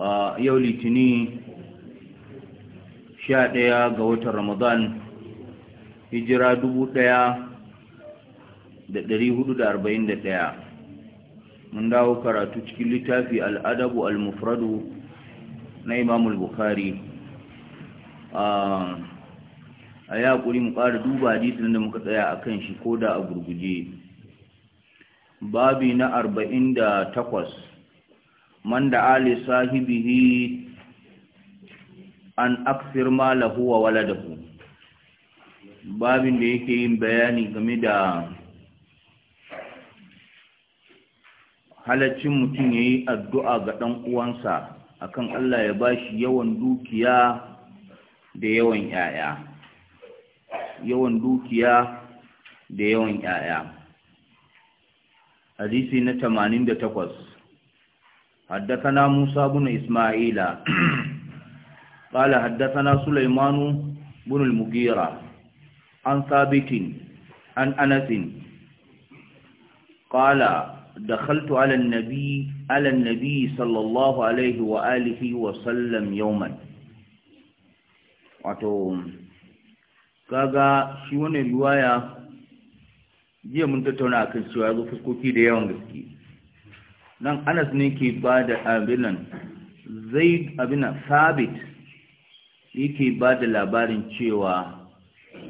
a yau litini sha ɗaya ga watan ramadan hijira dubu ɗaya da ɗari hudu da arba'in da ɗaya mun dawo karatu cikin littafi al'adabu al-mufradu na imamul bukhari a ya ƙuri mu ƙara duba hadisin da muka tsaya a kan shi ko da a gurguje babi na arba'in da takwas man da ali sahibihi an aksir malahu wa waladahu babin da yake yin bayani game da halaccin mutum ya yi addu'a ga ɗan uwansa akan Allah ya shi yawan dukiya da yawan ‘ya'ya yawan dukiya da yawan ‘ya'ya hadisi na takwas. حدثنا موسى بن إسماعيل قال حدثنا سليمان بن المغيرة عن ثابت عن أنس قال دخلت على النبي على النبي صلى الله عليه وآله وسلم يوما wato kaga shi wannan riwaya jiya mun tattauna akan cewa ya zo fuskoki da yawan gaske nan anas ne ke ba da abinan zai abinan sabit yake ba da labarin cewa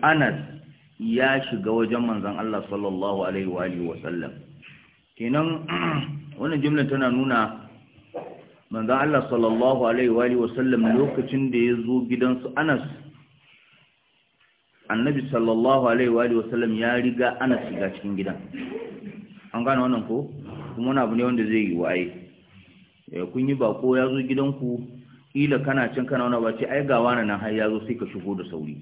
anas ya shiga wajen manzan Allah sallallahu Alaihi wasallam kenan wannan jimla tana nuna manzan Allah sallallahu Alaihi wasallam lokacin da ya zo gidansu anas annabi sallallahu Alaihi wasallam ya riga anas shiga cikin gidan an gane wannan ko? kuma wani abu ne wanda zai yi waye eh, kun yi bako ya zo gidanku kila kana cin kana wani ba ai ga wani nan har ya zo sai ka shigo da sauri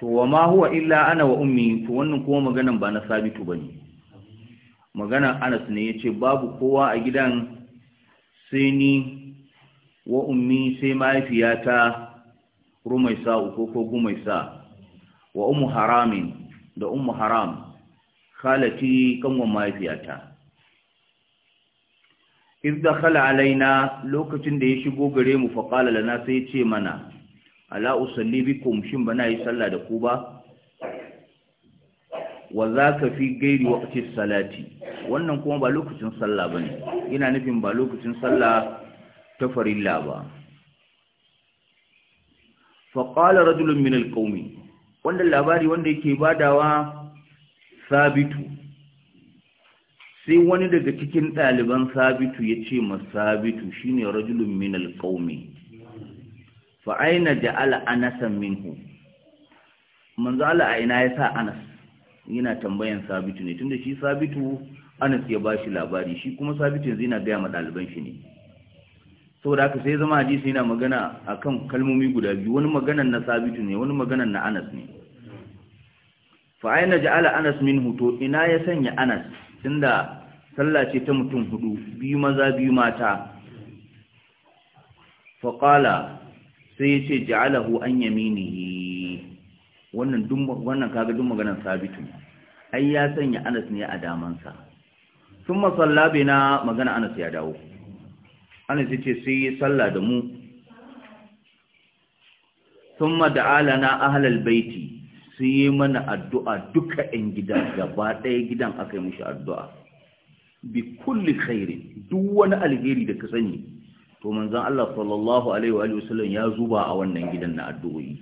to wa ma huwa illa ana wa ummi to wannan kuma maganan ba na sabitu bane magana Anas ne yace babu kowa a gidan sai ni wa ummi sai mahaifiyata rumaisa ko ko gumaisa wa ummu haramin da ummu haram خالتي kanwan mahaifiyata iz dakhala alaina lokacin da ya shigo gare mu fa qala lana sai ya ce mana ala usalli bikum shin bana yi sallah da ku ba wannan kuma ba lokacin sallah bane ina nufin ba lokacin sallah ta farilla ba fa qala rajulun min alqawmi wannan labari wanda yake badawa sabitu sai wani daga cikin ɗaliban sabitu ya ce ma sabitu shine rajulun min alƙaumi fa'aina ja'ala anasan minhu manzo ala a ina ya sa anas yana tambayan sabitu ne tunda shi sabitu anas ya ba shi labari shi kuma sabitu yanzu yana gaya ma ɗaliban shi ne saboda haka sai zama hadisi yana magana akan kalmomi guda biyu wani maganan na sabitu ne wani maganan na anas ne fa aina ja'ala anas min hutu ina ya sanya anas tunda sallah ce ta mutum hudu biyu maza biyu mata fa qala sai yace ja'alahu an yaminihi wannan dun wannan kaga dun maganar sabitu ai ya sanya anas ne a damansa masalla bai na magana anas ya dawo anas yace sai sallah da mu thumma da'alana ahlal baiti su yi mana addu'a duka ‘yan gida gaba ɗaya gidan aka yi mushi addu'a bi kulli khairi duk wani alheri da ka sani to manzan Allah sallallahu Alaihi wa sallam ya zuba a wannan gidan na addu'o'i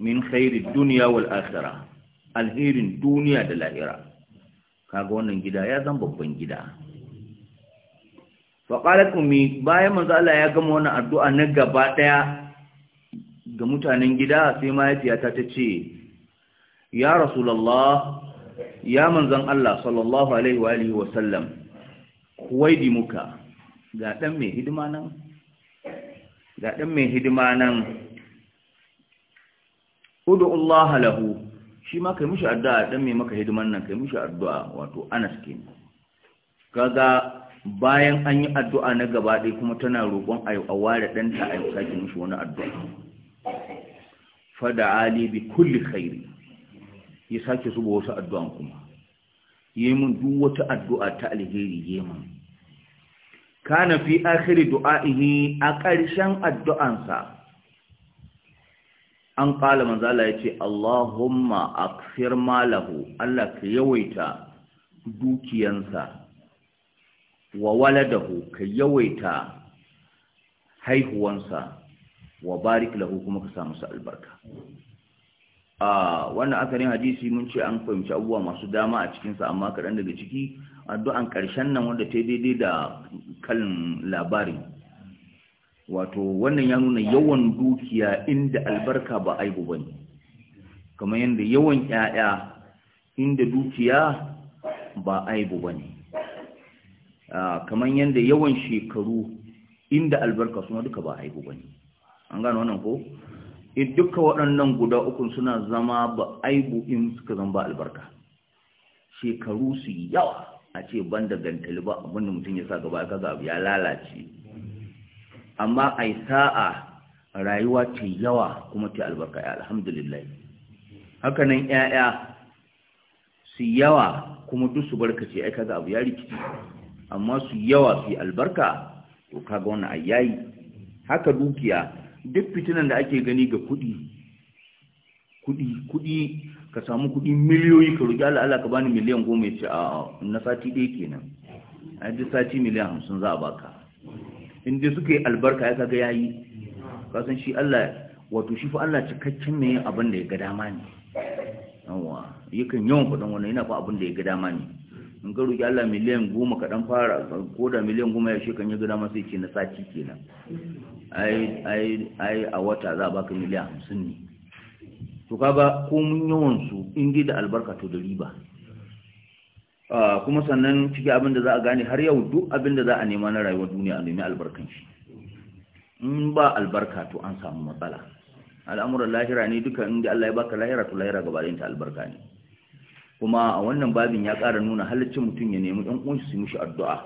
min khairi duniya wal akhira alherin duniya da lahira kaga wannan gida ya zan babban gida faƙalar bayan manzan Allah ya gama wannan addu'a na gaba ɗaya ga mutanen gida sai mahaifiyata ta ce ya rasulallah ya manzan Allah sallallahu alaihi wa alihi wa sallam kuwaidi muka ga dan mai hidima nan ga dan mai hidima nan udu Allah lahu shi ma kai mishi addu'a dan mai maka hidiman nan kai mishi addu'a wato Anas kenan kaga bayan an yi addu'a na gaba kuma tana roƙon a ware ɗanta a yi sake mishi wani addu'a fada ali bi kulli khairi ya sake zuba wasu addu'an kuma yi mun duk wata addu'a ta alheri yi mun kana fi akhiri du'a'ihi a ƙarshen addu'ansa an ƙala manzala ya ce Allahumma akfir malahu Allah ka yawaita dukiyansa wa waladahu ka yawaita haihuwansa wa barik lahu kuma ka sa masa albarka a wannan akarin hadisi mun ce an fahimci abubuwa masu dama a cikinsa amma kaɗan daga ciki addu'an ƙarshen nan wanda ta daidai da kalin labarin wato wannan ya nuna yawan dukiya inda albarka ba aibu ba ne kamar yadda yawan 'ya'ya inda dukiya ba aibu ba ne kamar yadda yawan shekaru inda albarka suna duka ba aibu ba ne an gano wannan ko in eh, duka waɗannan guda uku suna zama ba aibu in suka zama ba albarka shekaru su yawa a ce ban da gantali ba da mutum ya sa gaba kaza abu ya lalace amma a sa'a rayuwa ta yawa kuma ta albarka ya alhamdulillah hakanan 'ya'ya su yawa kuma duk su barka ce, ai ga abu ya rikici amma su yawa su albarka to kaga wani ayyayi haka dukiya duk fitinan da ake gani ga kuɗi kuɗi kuɗi ka samu kudi miliyoyi ka roƙi Allah Allah ka bani miliyan goma ya ce a na sati ɗaya kenan a duk sati miliyan hamsin za a baka in dai suka yi albarka ya kaga yayi ka san shi Allah wato shi fa Allah cikakken ne abin da ya ga dama ne yawa yakan yawan kudin wannan yana fa abin da ya ga dama ne in ka roki Allah miliyan goma ka dan fara ko da miliyan goma ya shi kan yi gida masu yake na sati kenan ai ai a wata za a baka miliyan hamsin ne to kaga mun yawan su in gida albarka to da riba kuma sannan ciki abin za a gane har yau duk abinda za a nema na rayuwar duniya a nemi albarkan shi in ba albarka to an samu matsala al'amuran lahira ne duka inda Allah ya baka lahira to lahira gaba ta albarka ne kuma a wannan babin ya ƙara nuna halaccin mutum ya nemi ɗan uwansu su mishi addu'a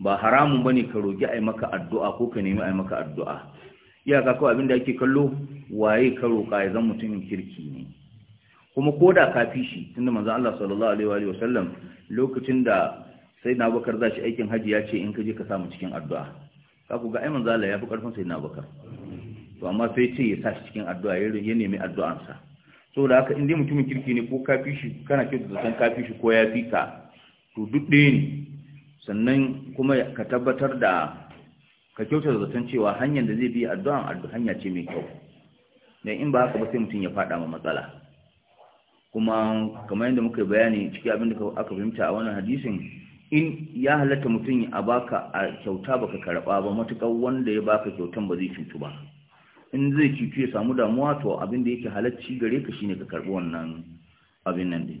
ba haramun ba ne ka roki ai maka addu'a ko ka nemi ai maka addu'a iyaka abin da ake kallo waye ka roƙa ya zan mutumin kirki ne kuma koda ka fi shi tunda manzon Allah sallallahu alaihi wa sallam lokacin da bakar za shi aikin hajji ya ce in ka je ka samu cikin addu'a ka ku ga ai manzon Allah ya fi karfin sayyidina Abubakar to amma sai ce ya sa cikin addu'a ya nemi addu'ansa so da haka inda mutumin kirki ne ko kafi shi kana ce da san kafi shi ko ya fi ka to duk ɗaya ne sannan kuma ka tabbatar da ka kyauta da zaton cewa hanyar da zai bi addu'an addu'a hanya ce mai kyau dan in ba haka ba sai mutum ya fada ma matsala kuma kamar yadda muka bayani ciki abin da aka fahimta a wannan hadisin in ya halatta mutum a baka a kyauta baka karba ba matukar wanda ya baka kyautan ba zai cutu ba in zai cutu ya samu damuwa to abin da yake halacci gare ka shine ka karbi wannan abin nan din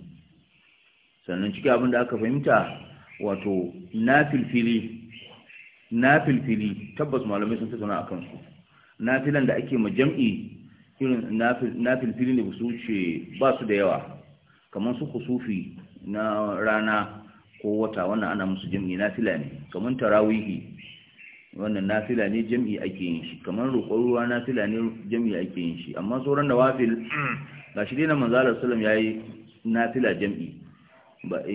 sannan cikin abin da aka fahimta wato nafilfili tabbas malamai sun tattauna a su nafilan da ake ma jam'i irin nafilfili filfili ne su ce ba su da yawa kamar su kusufi na rana ko wata wannan ana musu jam'i na ne kamar tarawihi wannan nafila ne jam'i ake yin shi kamar roƙon ruwa nafila ne jam'i ake yin shi amma sauran da wafil ga shi dina manzalar salam ya yi nafila jam'i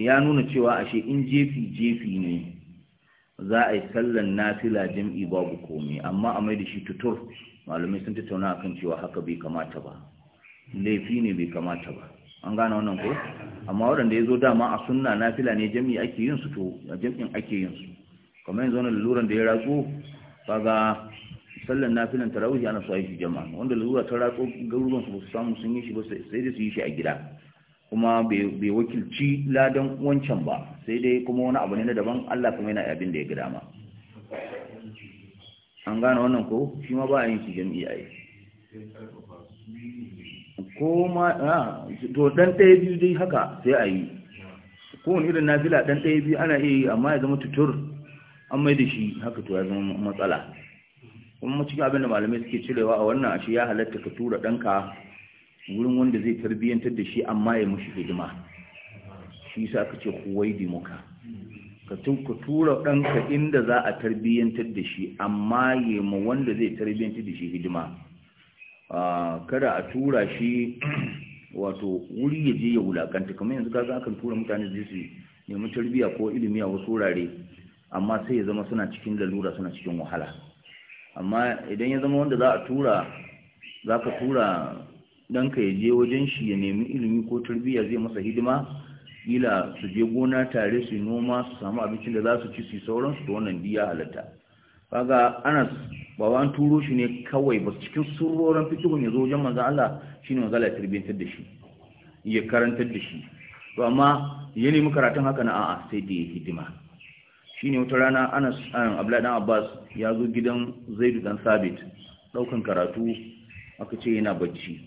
ya nuna cewa ashe in jefi jefi ne za a yi sallan nafila jam'i babu komai amma a mai da shi tutur malamai sun tattauna kan cewa haka bai kamata ba laifi ne bai kamata ba an gane wannan ko amma waɗanda ya zo dama a sunna nafila ne jam'i ake yin su to a jam'in ake yin su kamar yanzu wani laluran da ya ratsu ba ga sallan nafilan tarawih ana suwa yi jama'a wanda lalura ta ratsu garuruwan su su samu sun yi shi ba sai dai su yi shi a gida kuma bai wakilci ladan wancan ba sai dai kuma wani abu ne na daban Allah kuma yana abin da ya gida ma an gane wannan ko shi ma ba a yin shi jami'a yi ko ma to dan ɗaya biyu dai haka sai a yi kowane irin nafila dan ɗaya biyu ana iya yi amma ya zama tutur an mai da shi haka to ya zama matsala kuma cikin abin da malamai suke cirewa a wannan ashe ya halatta ka tura danka wurin wanda zai tarbiyyantar da shi amma ya mushi hidima shi sa aka ce kuwai dimuka ka tura danka inda za a tarbiyyantar da shi amma ya ma wanda zai tarbiyyantar da shi hidima kada a tura shi wato wuri ya je ya wulakanta kamar yanzu ka kan tura mutane da su nemi tarbiyya ko ilimi a wasu wurare amma sai ya zama suna cikin lalura suna cikin wahala amma idan ya zama wanda za a tura za ka tura don ya je wajen shi ya nemi ilimi ko turbiya zai masa hidima ila su je gona tare su noma su samu abincin da za su ci su sauransu da wannan diya halatta kaga anas ba an turo shi ne kawai ba cikin surorin fikihun ya zo wajen manzo Allah shine manzo Allah ya tarbiyantar da shi ya karantar da shi to amma ya nemi karatun haka na a'a sai da ya hidima Shi ne wata rana Anas ah, Abdullahi dan Abbas ya zo gidan Zaidu dan Sabit daukan karatu aka ce yana bacci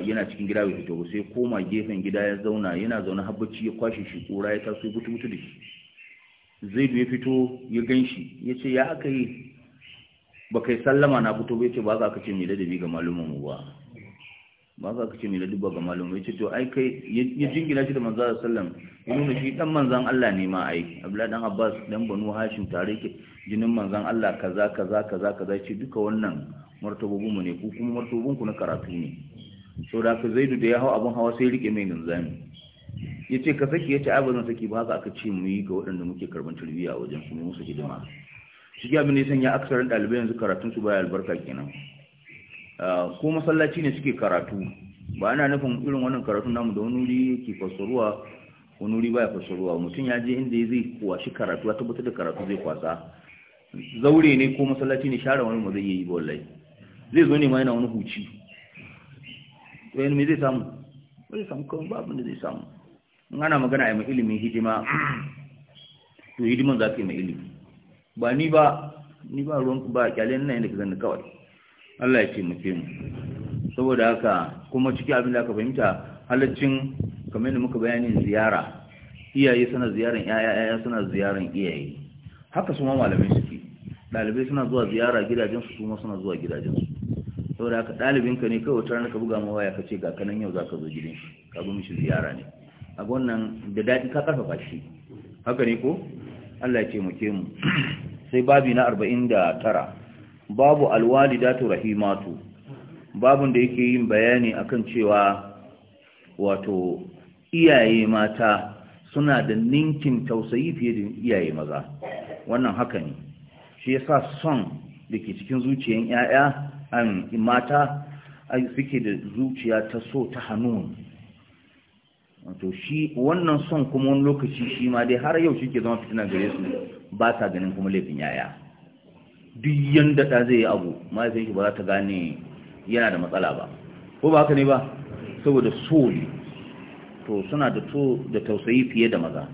yana cikin gida bai fito sai koma gefen gida ya zauna yana zaune har bacci ya kwashe shi kura ya taso butu butu da shi Zaid ya fito ya ganshi ya ce ya aka yi ba kai sallama na fito ba ce ba za ka ce mai ladabi ga malumin mu ba ba za ka ce mai duba ga malamai ya ce to ai kai ya jingina shi da manzo sallallahu alaihi wasallam ya nuna shi dan manzan Allah ne ma ai Abdullahi dan Abbas dan Banu Hashim tare ke jinin manzan Allah kaza kaza kaza kaza ce duka wannan martabobin mu ne ku kuma martabobin ku na karatu ne so da ka zaidu da ya hau abin hawa sai rike mai ganzami. ya ce ka saki yace ce ai ba saki ba haka aka ce mu yi ga waɗanda muke karban tarbiyya a wajen su ne musu hidima shi abin ne sanya aksarin ɗalibai yanzu karatun su baya albarka kenan ko masallaci ne suke karatu ba ana nufin irin wannan karatu namu da wani wuri yake fasaruwa wani wuri baya fasaruwa mutum ya je inda zai kwashi karatu ya tabbatar da karatu zai kwasa zaure ne ko masallaci ne share wani mu zai yi ba wallahi zai zo ne ma yana wani huci to yana me zai samu zai samu kawai ba abin da zai samu in ana magana a yi ilimin hidima to hidiman za ka yi mai ilimi ba ni ba ni ba ruwan ba kyalen nan yadda ka zanni kawai Allah ya ce mu mu saboda haka kuma ciki abin da aka fahimta halaccin kamar da muka bayanin ziyara iyaye suna ziyaran yaya yaya suna ziyaran iyaye haka su ma malamai suke dalibai suna zuwa ziyara gidajen su kuma suna zuwa gidajen su saboda haka dalibin ka ne kai wata ranar ka buga waya ka ce ga kanan yau zaka zo gidan shi ka zo mishi ziyara ne a wannan da dadi ka karfafa shi haka ne ko Allah ya ce mu ke mu sai babi na tara. babu alwalidatu rahimatu babun da yake yin bayani akan cewa wato iyaye mata suna da ninkin tausayi fiye da iyaye maza wannan haka ne shi yasa son da ke cikin zuciyan 'ya'ya an mata suke da zuciya ta so ta hannu. wato shi wannan son kuma wani lokaci shi ma dai har yau shi ke zama fitina gare su ba sa ganin kuma laifin 'ya'ya duk yadda ta zai yi abu mahaifinki ba za ta gane yana da matsala ba ko ba haka ne ba saboda soli to da to tausayi fiye da maza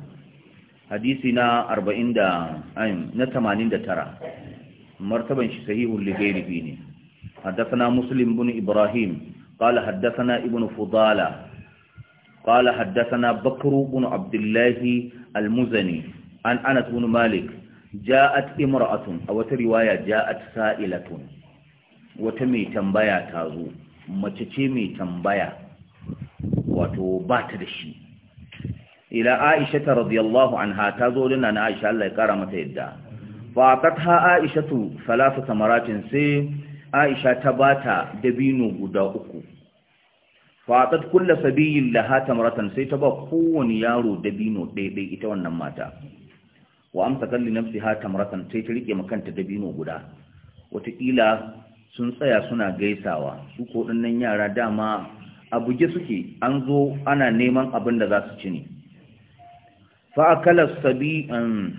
hadisi na 40 da ayyum na 89 martaban shi sahihul ne haddathana muslim ibn ibrahim qala haddathana ibn fudala qala haddathana bakru ibn abdullah al-muzani an anas ibn malik ja'at imra'atun a wata riwaya ja'at sa'ilatun wata mai tambaya ta zo mace ce mai tambaya wato ba ta da shi ila aisha ta radiyallahu anha ta zo dana na aisha Allah ya kara mata yadda fa Aisha aishatu salatu samaratin sai aisha ta bata dabino guda uku fa kulle kullu sabiyin laha tamratan sai ta ba kowani yaro dabino ɗaiɗai ita wannan mata wa amsakan li nafsiha tamratan sai ta rike makanta dabino guda wataƙila sun tsaya suna gaisawa su ko dinnan yara dama a buge suke an zo ana neman abin da za su ci ne fa akala sabi um,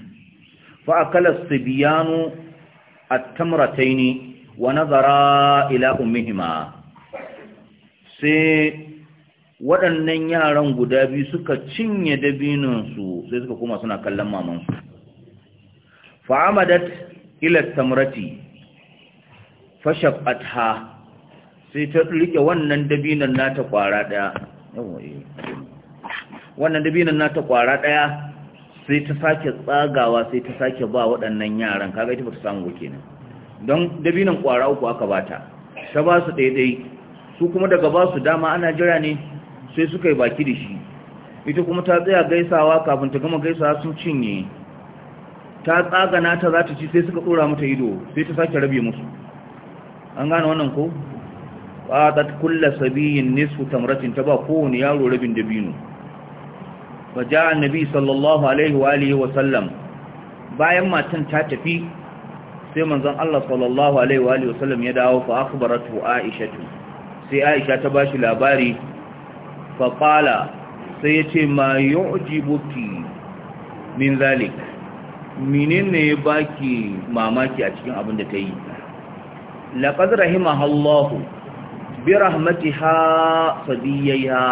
fa akala at-tamrataini wa nazara ila ummihima sai waɗannan yaran guda biyu suka cinye dabininsu sai suka koma suna kallon mamansu fa'amadat ila tamrati fashaqqatha sai ta rike wannan dabinan nata kwara daya wannan dabinan nata kwara daya sai ta sake tsagawa sai ta sake ba waɗannan yaran kaga ita ba ta samu ne don dabinan kwara uku aka bata ta ba su daidai su kuma daga ba su dama ana jira ne sai suka yi baki da shi ita kuma ta tsaya gaisawa kafin ta gama gaisawa sun cinye ta tsagana ta za ta ci sai suka tsora mata ido sai ta sake rabe musu an gane wannan ko ta kullu sabiyin nisfu tamratin ta ba kowane yaro rabin dabino fa jaa annabi sallallahu alaihi wa alihi wa sallam bayan matan ta tafi sai manzon Allah sallallahu alaihi wa alihi wa sallam ya dawo fa akhbaratu aisha sai aisha ta bashi labari fa qala sai yace ma yu'jibuki min zalika menene ya baki mamaki a cikin abin da ta yi rahima hallahu bi ha sadiyaiha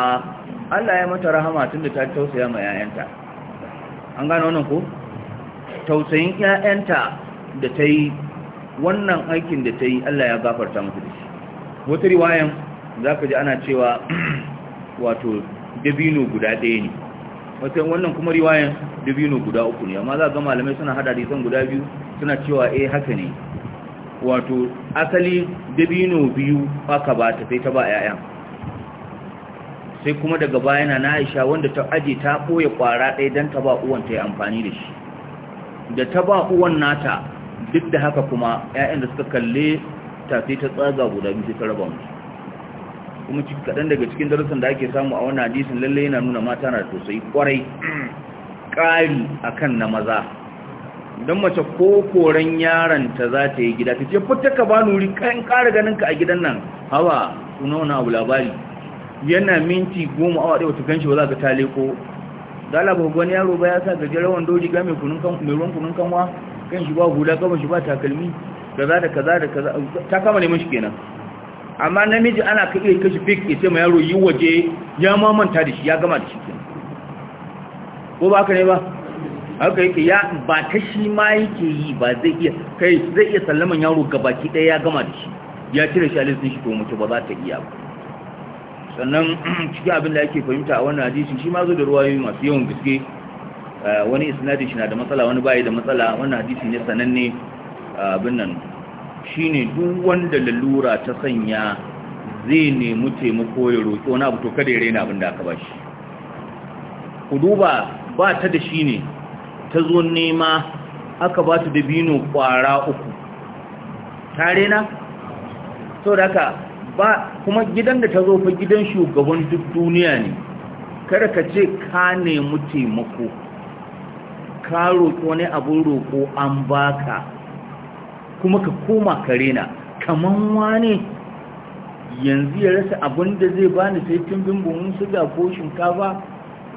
Allah ya mata rahama tun da ta tausaya ma yayanta an gane wannan ko tausayin yayanta da ta yi wannan aikin da ta yi Allah ya gafarta musu da shi wata riwayan ka ji ana cewa wato dabino guda ɗaya ne wata wannan kuma riwayan dabino guda uku ne amma za ga malamai suna hada hadisan guda biyu suna cewa eh haka ne wato asali dabino biyu aka ba ta sai ta ba ƴaƴan sai kuma daga baya na Aisha wanda ta aje ta koya kwara ɗaya dan ta ba uwan ta yi amfani da shi da ta ba uwan nata duk da haka kuma 'ya'yan da suka kalle ta sai ta tsaga guda biyu sai ta raba musu kuma kaɗan daga cikin darussan da ake samu a wani hadisin lalle yana nuna mata na tosai kwarai ƙari a kan na maza don mace ko koren yaranta za ta yi gida ta ce fita ka ba nuri kan ƙara ganinka a gidan nan hawa suna wani abu labari yana minti goma awa ɗaya wata ganshi ba za ka tale ko dala ba wani yaro ba ya sa gajeren wando riga mai ruwan kunun kanwa kan shi ba hula kama shi ba takalmi da kaza da kaza ta kama neman shi kenan amma namiji ana ka iya kashi fik ita mai yaro yi waje ya mamanta da shi ya gama da shi ko ba ka ne ba haka yake ya ba ta shi ma yake yi ba zai iya kai zai iya sallaman yaro gabaki ɗaya ya gama da shi ya cire shi a shi to mutu ba za ta iya ba sannan cikin abin da yake fahimta a wannan hadisi shi ma zo da ruwayoyi masu yawan gaske eh, wani isnadin shi na da matsala wani bayi da matsala wannan hadisi ne sananne abin nan shine duk wanda lalura ta sanya zai nemi taimako ya roƙi wani abu to kada ya raina abin da aka bashi ku duba ba ta da shi ta zo nema aka ba ta dabino ƙwara uku ta raina so da ba kuma gidan da ta zo fa gidan shugaban duk duniya ne kada ka ce ka nemi taimako ka roƙo ne abin roƙo an baka kuma ka koma ka rena kaman wane yanzu ya rasa abin da zai bani sai tumbin buhun suga ko shinkafa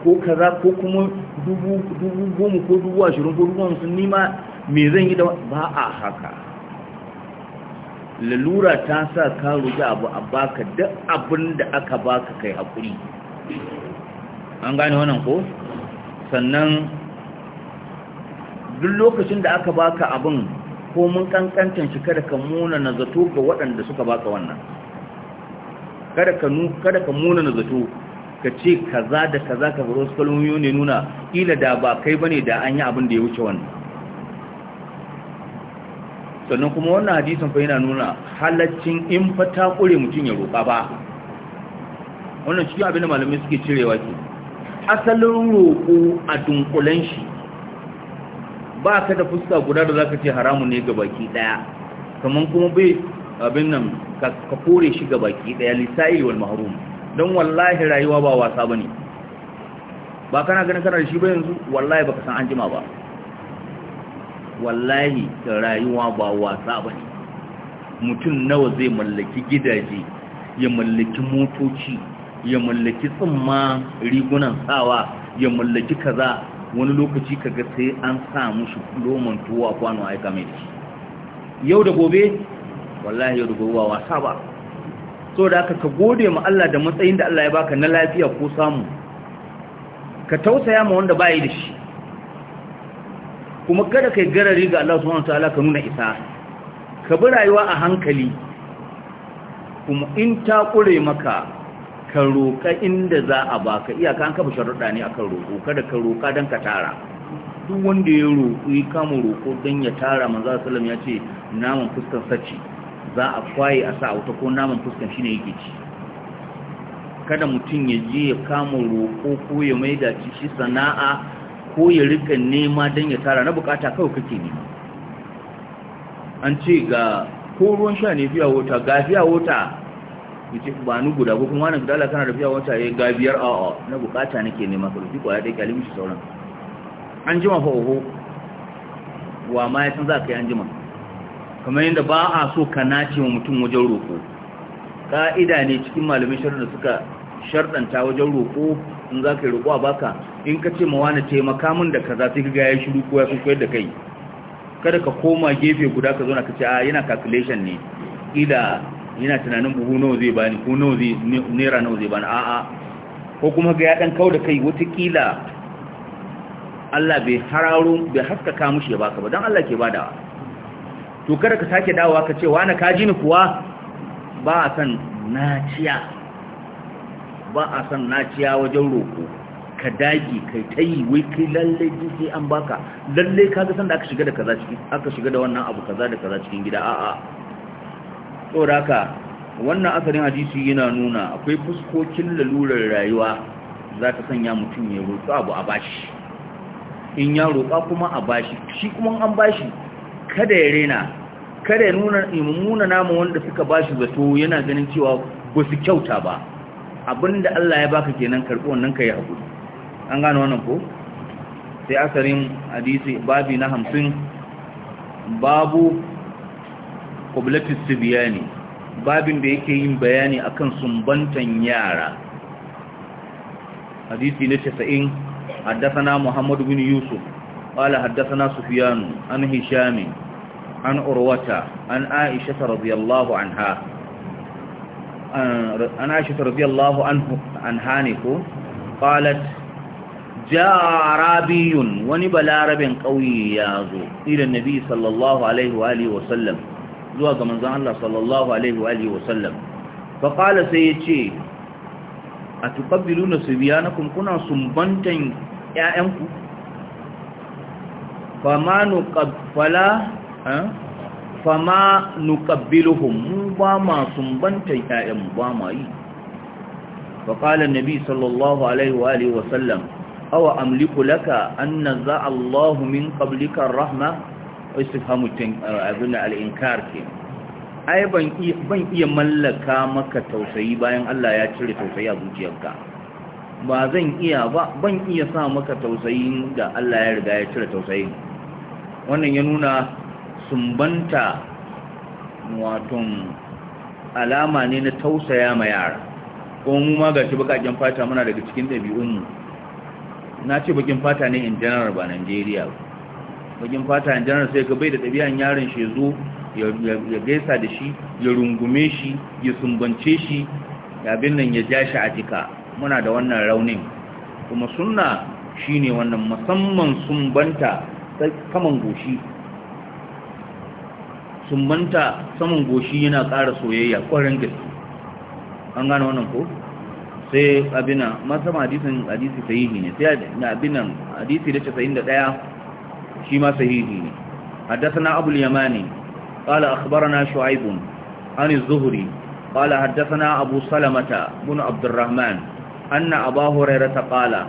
ko kaza ko kuma dubu goma ko dubu ashirin ko dubu hamsin nima me zan yi da ba a haka lalura ta sa ka roƙi abu a baka duk abin da aka baka kai haƙuri an gane wannan ko sannan duk lokacin da aka baka abin ko mun kankantan shi kada ka muna na zato ga waɗanda suka baka wannan kada ka nu kada ka muna na zato ka ce kaza da kaza ka baro su kalmomi ne nuna ila da ba kai bane da an yi abin da ya wuce wannan sannan kuma wannan hadisin fa yana nuna halaccin in fa ta kure mutum ya roƙa ba wannan cikin abin da malamai suke cirewa ke asalin roƙo a dunkulen shi ba ka da fuska guda da zaka ce haramun ne ga baki daya kaman kuma bai abin nan ka kore shi ga baki daya lisa'il wal mahrum dan wallahi rayuwa ba wasa bane ba kana ganin kana shi ba yanzu wallahi baka san an jima ba wallahi rayuwa ba wasa bane mutum nawa zai mallaki gidaje ya mallaki motoci ya mallaki tsumma rigunan sawa ya mallaki kaza wani lokaci kaga sai an sa musu loman tuwo kwano a aika mai yau da gobe wallahi yau da gobe ba wasa ba so da aka ka gode ma Allah da matsayin da Allah ya baka na lafiya ko samu ka tausaya ma wanda bayi da shi kuma kada kai garari ga Allah subhanahu wataala ka nuna isa ka bi rayuwa a hankali kuma in ta kure maka ka roƙa inda za a baka iyaka an kafa sharuɗa ne akan roƙo kada ka roƙa don ka tara duk wanda ya roƙo ya kama roƙo don ya tara manzo sallam ya ce naman fuskan sace za a kwaye a sa wuta ko naman fuskan shine yake ci kada mutum ya je ya kama roƙo ko ya maida ci shi sana'a ko ya rika nema don ya tara na bukata kawai kake nema an ce ga ko ruwan sha ne fiya wuta ga fiya wuta kuce ba ni guda ko kuma wannan guda Allah kana da wata yayi ga biyar a a na bukata nake nema ka rufi ko ya dai kalimi shi sauran an jima fa oho wa ma ya san za ka yi an jima kamar yadda ba a so ka nace wa mutum wajen roƙo ka'ida ne cikin malamin sharri da suka sharɗanta wajen roƙo in za ka yi roƙo a baka in ka ce ma wani taimaka min da kaza sai ga ya shiru ko ya koyar da kai kada ka koma gefe guda ka zauna ka ce a yana calculation ne ila yana tunanin buhu nawa zai bani ko nawa zai naira nawa zai bani a'a ko kuma ga ya dan kau da kai kila Allah bai hararo bai haskaka mushi ya baka ba don Allah ke badawa to kada ka sake dawowa ka ce wa na kaji ni kuwa ba a san naciya ba a san naciya wajen roko ka dagi kai ta wai kai lalle sai an baka lalle kaga san da aka shiga da kaza ciki aka shiga da wannan abu kaza da kaza cikin gida a'a Tsoraka, wannan asalin hadisi yana nuna akwai fuskokin lalurar rayuwa za ta sanya mutum ya roƙi abu a bashi in ya roƙa kuma a bashi shi kuma an bashi kada ya rena kada ya nuna imamuna nama wanda suka bashi zato yana ganin cewa ba su kyauta ba abinda Allah ya baka kenan karɓi wannan ka yi haƙuri an gano wannan ko sai asalin hadisi babi na hamsin babu qublatis Sibiyani, babin da yake yin bayani akan sumbantan yara hadisi na 90 Haddasana Muhammadu bin yusuf qala Haddasana Sufiyanu, an Hishami, an urwata an aisha radhiyallahu anha an aisha radhiyallahu anhu anha ne ko qalat jaa arabiyun wani balarabin kauye yazo ila nabi sallallahu alaihi wa sallam zuwa ga manzon Allah sallallahu alaihi wa alihi wasallam fa qala sai yace atuqabbiluna subyanakum kuna sumbantan ƴaƴanku fama nuqabbala fama nuqabbiluhum ba ma sumbantan ƴaƴan ba ma yi fa qala annabi sallallahu alaihi wa alihi wasallam aw amliku laka an Allahu min qablika rahma istifhamu tin abin al-inkar ke ai ban iya mallaka maka tausayi bayan Allah ya cire tausayi a zuciyarka ba zan iya ba ban iya sa maka tausayi da Allah ya riga ya cire tausayi? wannan ya nuna sumbanta waton alama ne na tausaya ma yara kuma mu ma gashi bakakin fata muna daga cikin ɗabi'unmu na ce bakin fata ne in general ba Najeriya ba bakin fata in janar sai ka bai da ɗabi'an yaron shi zo ya gaisa da shi ya rungume shi ya sumbance shi abin nan ya ja shi a jika muna da wannan raunin kuma sunna shine wannan musamman sumbanta saman goshi sumbanta saman goshi yana ƙara soyayya ƙwarin gaske an gane wannan ko sai abin nan masama hadisin hadisi sahihi ne sai abin nan hadisi da 91 shi ma sahihi ne haddathana abul yamani qala akhbarana shu'aib an az-zuhri qala haddathana abu salamata ibn abdurrahman anna aba hurairah taqala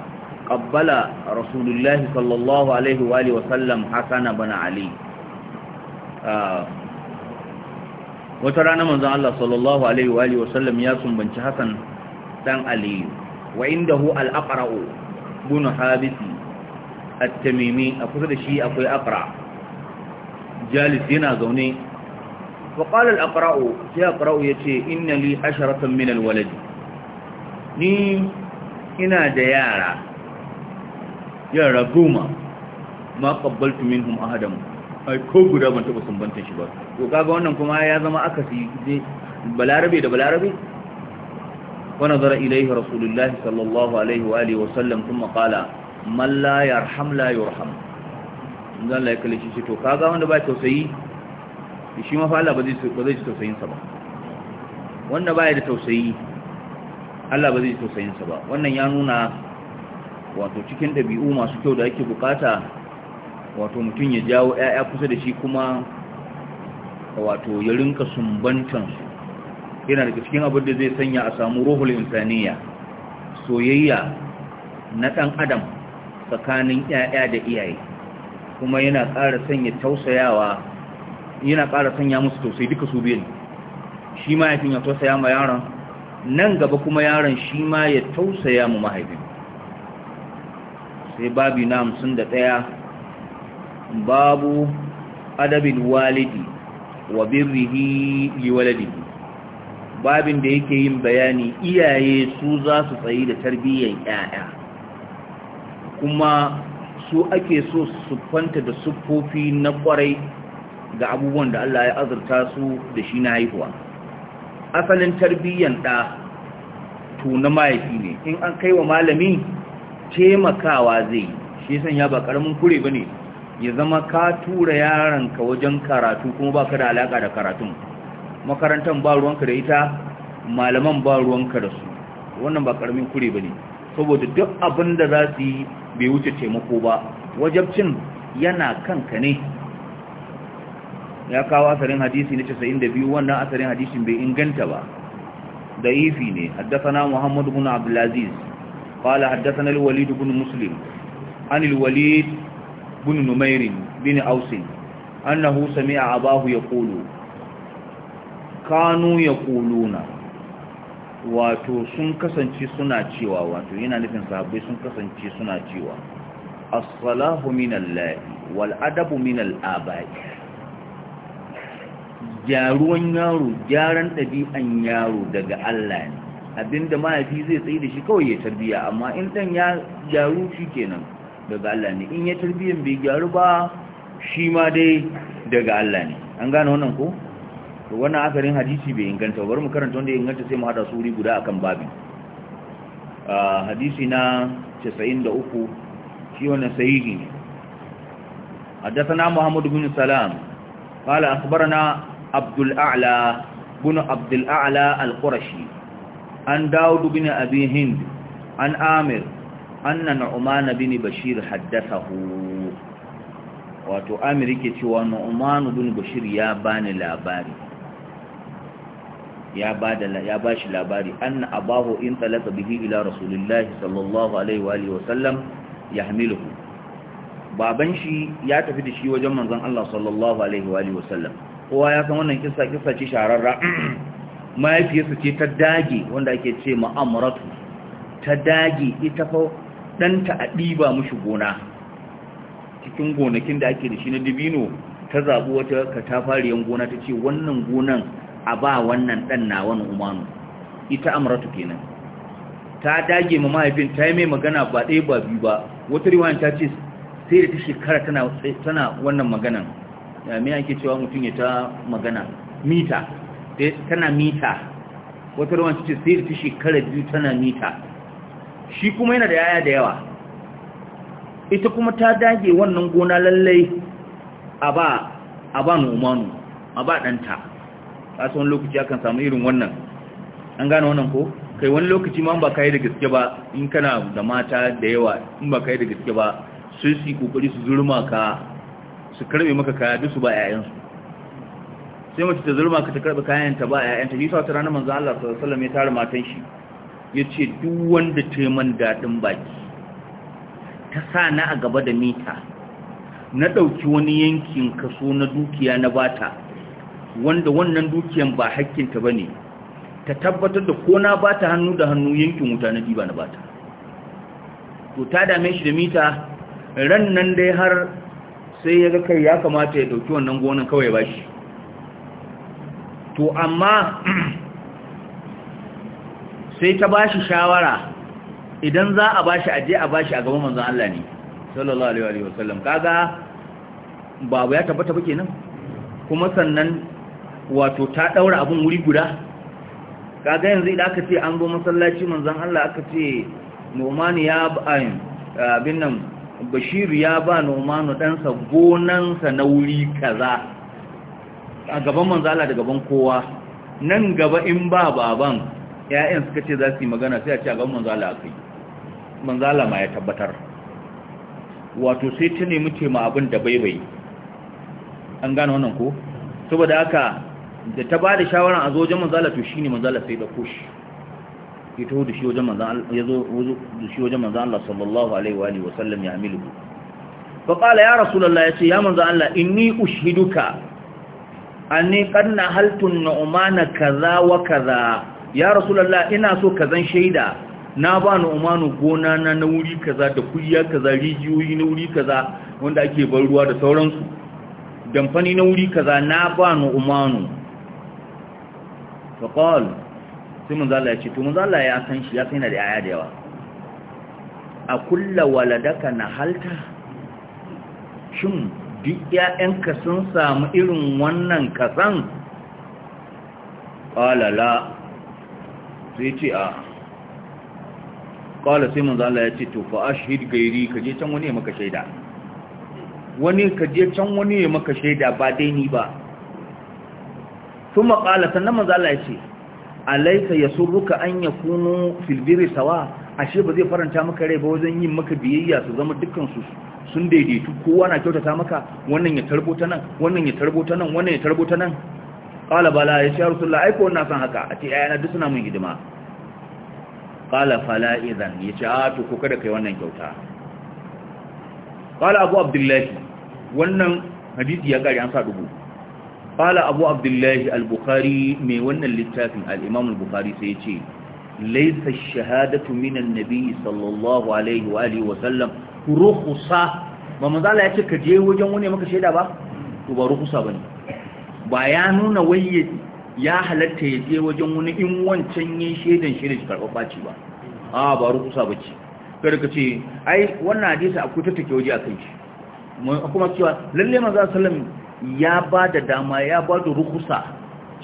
ƙabbala rasulullahi sallallahu alaihi wa sallam hasan ibn ali ah, wata rana manzon Allah sallallahu alaihi wa sallam ya sunbanci hasan dan ali wa indahu al-aqra'u ibn habisi at-tamimi a kusa da shi akwai aqra jalis yana zaune wa qala al-aqra'u sai aqra'u yace inna li asharatan min al-walad ni ina da yara yara goma ma qabbaltu minhum ahadan ai guda ban taba sumbanta shi ba to kaga wannan kuma ya zama akasi balarabe da balarabe ونظر إليه رسول الله صلى الله عليه وآله وسلم ثم قال man la yarham la yurham zan la kalle shi to kaga wanda ba tausayi shi ma fa Allah ba zai ba zai tausayin sa ba wanda ba ya da tausayi Allah ba zai tausayin sa ba wannan ya nuna wato cikin dabi'u masu kyau da ake bukata wato mutum ya jawo ƴaƴa kusa da shi kuma wato ya rinka sumbantan yana daga cikin abin da zai sanya a samu ruhul insaniya soyayya na ɗan adam tsakanin ƴaƴa da iyaye kuma yana ƙara sanya tausayawa yana ƙara sanya musu tausayi duka su biyu shi mahaifin ya tausaya ma yaron nan gaba kuma yaron shi ma ya tausaya mu mahaifin sai babu na hamsin da ɗaya babu adabin walidi wa birrihi liwaladihi babin da yake yin bayani iyaye su za su tsayi da tarbiyyar 'ya'ya kuma su ake so su kwanta da siffofi na kwarai ga abubuwan da Allah ya azurta su da shi na haihuwa asalin tarbiyyan ɗa to na mahaifi ne in an kai wa malami taimakawa zai shi san ya ba ƙaramin kure ba ne ya zama ka tura yaranka wajen karatu kuma ba ka da alaƙa da karatun makarantar ba ruwanka da ita malaman ba ruwanka da su wannan ba ƙaramin kure ba ne saboda duk abinda da za su yi bai wuce taimako ba wajabcin yana kanka ne ya kawo asarin hadisi na 92 wannan asarin hadisin bai inganta ba da ifi ne haddasana muhammad bin abdulaziz qala haddasana al-walid bin muslim an al-walid bin numair bin aus annahu sami'a abahu yaqulu kanu yaquluna wato sun kasance suna cewa wato yana nufin sahabbai sun kasance suna cewa as-salahu min allahi wal adabu min al-abai gyaruwan yaro gyaran ɗabi'an yaro daga Allah ne abinda mahaifi zai tsaye da shi kawai ya tarbiya amma in dan ya gyaru shi kenan daga Allah ne in ya tarbiyan bai gyaru ba shi ma dai daga Allah ne an gane wannan ko to wannan asarin hadisi bai inganta bari mu karanta wanda ya inganta sai mu hada suri guda akan babi hadisi na 93 shi wannan sahihi ne حدثنا محمد بن سلام قال أخبرنا عبد الأعلى بن عبد الأعلى القرشي عن داود بن أبي هند عن آمر أن نعمان بن بشير حدثه وتؤمر كتوى نعمان بن بشير bani الأباري ya ba shi labari anna abahu in talaka bihi ila rasulillahi sallallahu alaihi wa alihi wa sallam baban shi ya tafi da shi wajen manzon Allah sallallahu alaihi wa alihi wa sallam kowa ya san wannan kissa kissa ce shararra mahaifiyarsa ce ta dage wanda ake ce ma'amuratu ta dage ita fa ɗanta a ɗiba mushi gona cikin gonakin da ake da shi na dibino ta zaɓi wata katafariyar gona ta ce wannan gonan a ba wannan ɗan na wani umanu ita amuratu kenan ta dage ma mahaifin ta yi mai magana ba ɗaya ba biyu ba wata riwayan ta ce sai da ta shekara tana wannan maganan ya mai ake cewa mutum ya ta magana mita tana mita wata riwayan ta ce sai da ta shekara biyu tana mita shi kuma yana da yaya da yawa ita kuma ta dage wannan gona lallai a ba a ba numanu a ba ɗanta kasu tsawon lokaci akan samu irin wannan an gane wannan ko kai wani lokaci ma ba ka yi da gaske ba in kana da mata da yawa in ba ka yi da gaske ba sun su kokari su zurma ka su karbe maka kaya duk su ba yayansu sai mace ta zurma ka ta karbe kayan ta ba yayanta ni sa ranar manzo Allah sallallahu alaihi wasallam ya tare matan shi yace duk wanda ta yi man dadin baki ta sa na a gaba da mita na dauki wani yankin kaso na dukiya na bata wanda wannan dukiyan ba hakkinta ba ne ta tabbatar da ko na bata ta hannu da hannu yankin wuta na diba na ba to ta dame shi da mita ran nan dai har sai ya ga kai ya kamata ya dauki wannan gonan kawai ba shi to amma sai ta ba shi shawara idan za a ba shi aje a ba shi a gaban manzon Allah ne sallallahu alaihi sallam, kaga babu ya tabbata ba kenan kuma sannan wato ta daura abin wuri guda kaga yanzu idan aka ce an zo masallaci manzon Allah aka ce nomani ya abin nan bashiru ya ba nomanu ɗansa gonansa na wuri kaza a gaban manzon Allah da gaban kowa nan gaba in ba baban ƴaƴan suka ce za su yi magana sai a ce a gaban manzon Allah akai manzon Allah ma ya tabbatar wato sai ta nemi tema abin da baibai an gane wannan ko saboda haka da ta ba da shawaran a zo wajen manzala to shine manzala sai da kushi ya taho da shi wajen manzala ya zo da shi wajen manzan Allah sallallahu alaihi wa wa sallam ya amilu fa qala ya rasulullah yace ya manzala Allah inni ushiduka anni qad nahaltun nu'mana kaza wa kaza ya rasulullah ina so kazan shaida na ba nu'manu gona na nauri wuri kaza da kuyya kaza rijiyoyi na wuri kaza wanda ake bar ruwa da sauransu damfani na wuri kaza na ba nu'manu faƙal sai mun Allah ya ce to mun Allah ya san shi ya san yana da yaya da yawa a kulla waladaka na halta shin duk 'ya'yanka sun samu irin wannan kasan qala la sai ce a qala sai mun Allah ya ce to fa ashhid gairi kaje can wani ya maka shaida wani kaje can wani ya maka shaida ba dai ni ba ثم قال sannan manzo Allah alaika ya yasurruka an yakunu fil birri sawa ashe ba zai faranta maka rai ba wajen yin maka biyayya su zama dukkan sun daidaitu kowa na kyautata maka wannan ya tarbo ta nan wannan ya tarbo ta nan wannan ya tarbo ta nan qala bala ya shi rasulullah ai ko wannan san haka a ce ayana duk suna mun hidima qala fala idan ce a to ko kada kai wannan kyauta qala abu abdullahi wannan hadisi ya gari an sa dubu qala abu abdullahi al-bukhari mai wannan littafin al-imam al-bukhari sai ce, laysa shahadatu minan an-nabi sallallahu alaihi wa alihi wa sallam rukhsa ba ya ce ka je wajen wani maka shaida ba to ba rukhsa bane ba ya nuna waye ya halatta ya je wajen wani in wancan yin shaidan shi da karɓa baci ba a ba ba ce. kada ka ce ai wannan hadisi akwai tattake waje a kan shi kuma cewa lalle maza sallam ya ba da dama ya ba da rukusa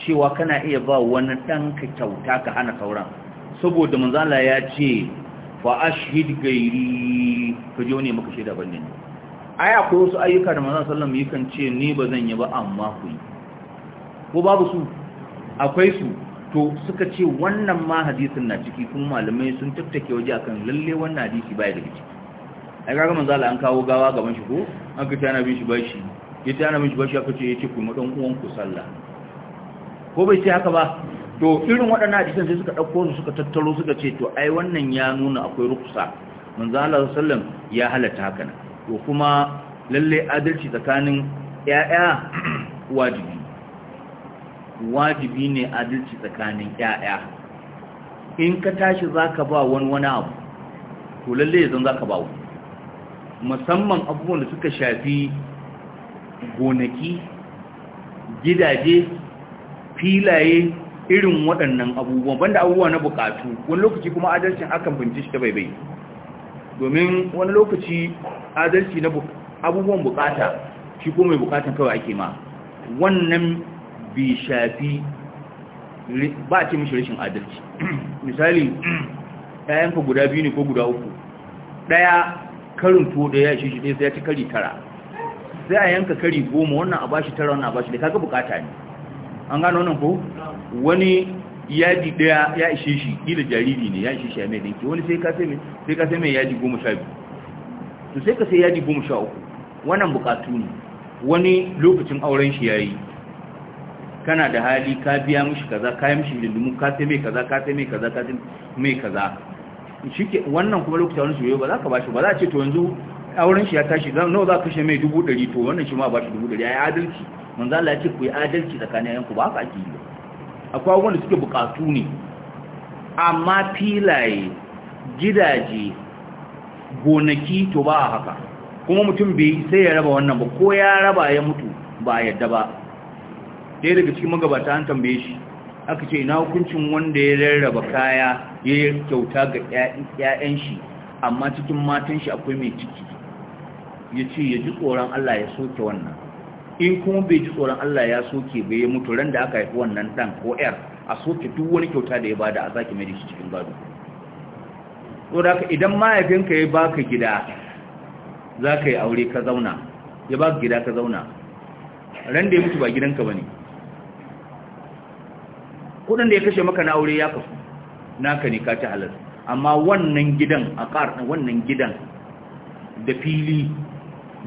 cewa kana iya ba wani ka kyauta ka hana sauran saboda manzala ya ce fa shahid gairi ka ji wani maka shaida ban ne ai akwai wasu ayyuka da manzala sallam yi kan ce ni ba zan yi ba amma ku yi ko babu su akwai su to suka ce wannan ma hadisin na ciki kuma malamai sun tattake waje akan lalle wannan hadisi baya da ciki ai ga manzala an kawo gawa gaban shi ko an ta yana bin shi bashi ya tana miji bashi aka ce ya ce kuma ɗan uwan ku sallah ko bai ce haka ba to irin waɗannan hadisan sai suka ɗauko su suka tattaro suka ce to ai wannan ya nuna akwai rukusa manzo Allah sallam ya halatta haka ne to kuma lalle adalci tsakanin ƴaƴa wajibi wajibi ne adalci tsakanin ƴaƴa in ka tashi zaka ba wani wani abu to lalle yanzu zaka ba wani musamman abubuwan da suka shafi gonaki gidaje filaye irin waɗannan abubuwan banda abubuwa na bukatu wani lokaci kuma adalcin akan shi ta baibai domin wani lokaci adalci na abubuwan bukata shi kuma mai bukatan kawai ake ma wannan bi shafi ba ce mishi rashin adalci misali ka guda biyu ne ko guda uku ɗaya karin tuwo da ya shi shi ɗaya sai ya ci kari tara sai a yanka kari goma wannan a bashi tara wannan a bashi da kaga bukata ne an gano wannan ko wani yadi daya ya ishe shi kila jariri ne ya ishe shi a mai dinki wani sai ka sai mai sai ka sai mai yadi goma sha biyu to sai ka sai yadi goma sha uku wannan bukatu ne wani lokacin auren shi yayi kana da hali ka biya mishi kaza ka yi mishi dindimu ka sai mai kaza ka sai mai kaza ka sai mai kaza ke wannan kuma lokacin wani shi ba za ka bashi ba za a ce to yanzu auren shi ya tashi zan nawa za ka kashe mai dubu ɗari to wannan shi ma ba shi dubu ɗari ya adalci manzo Allah ya ce ku yi adalci tsakanin yanku ba haka ake yi ba akwai wanda suke bukatu ne amma filaye gidaje gonaki to ba haka kuma mutum bai sai ya raba wannan ba ko ya raba ya mutu ba yadda ba ɗaya daga cikin magabata an tambaye shi aka ce ina hukuncin wanda ya rarraba kaya ya kyauta ga 'ya'yan shi amma cikin matan shi akwai mai ciki ya ce ya ji tsoron Allah ya soke wannan in kuma bai ji tsoron Allah ya soke bai ya mutu ran da aka haifi wannan dan ko yar a soke duk wani kyauta da ya bada a zaki mai da shi cikin gado to da ka idan mahaifinka ya baka gida za ka yi aure ka zauna ya baka gida ka zauna ran da ya mutu ba gidanka ba ne kudin da ya kashe maka na aure ya kasu naka ne ka ci halar amma wannan gidan a ƙarni wannan gidan da fili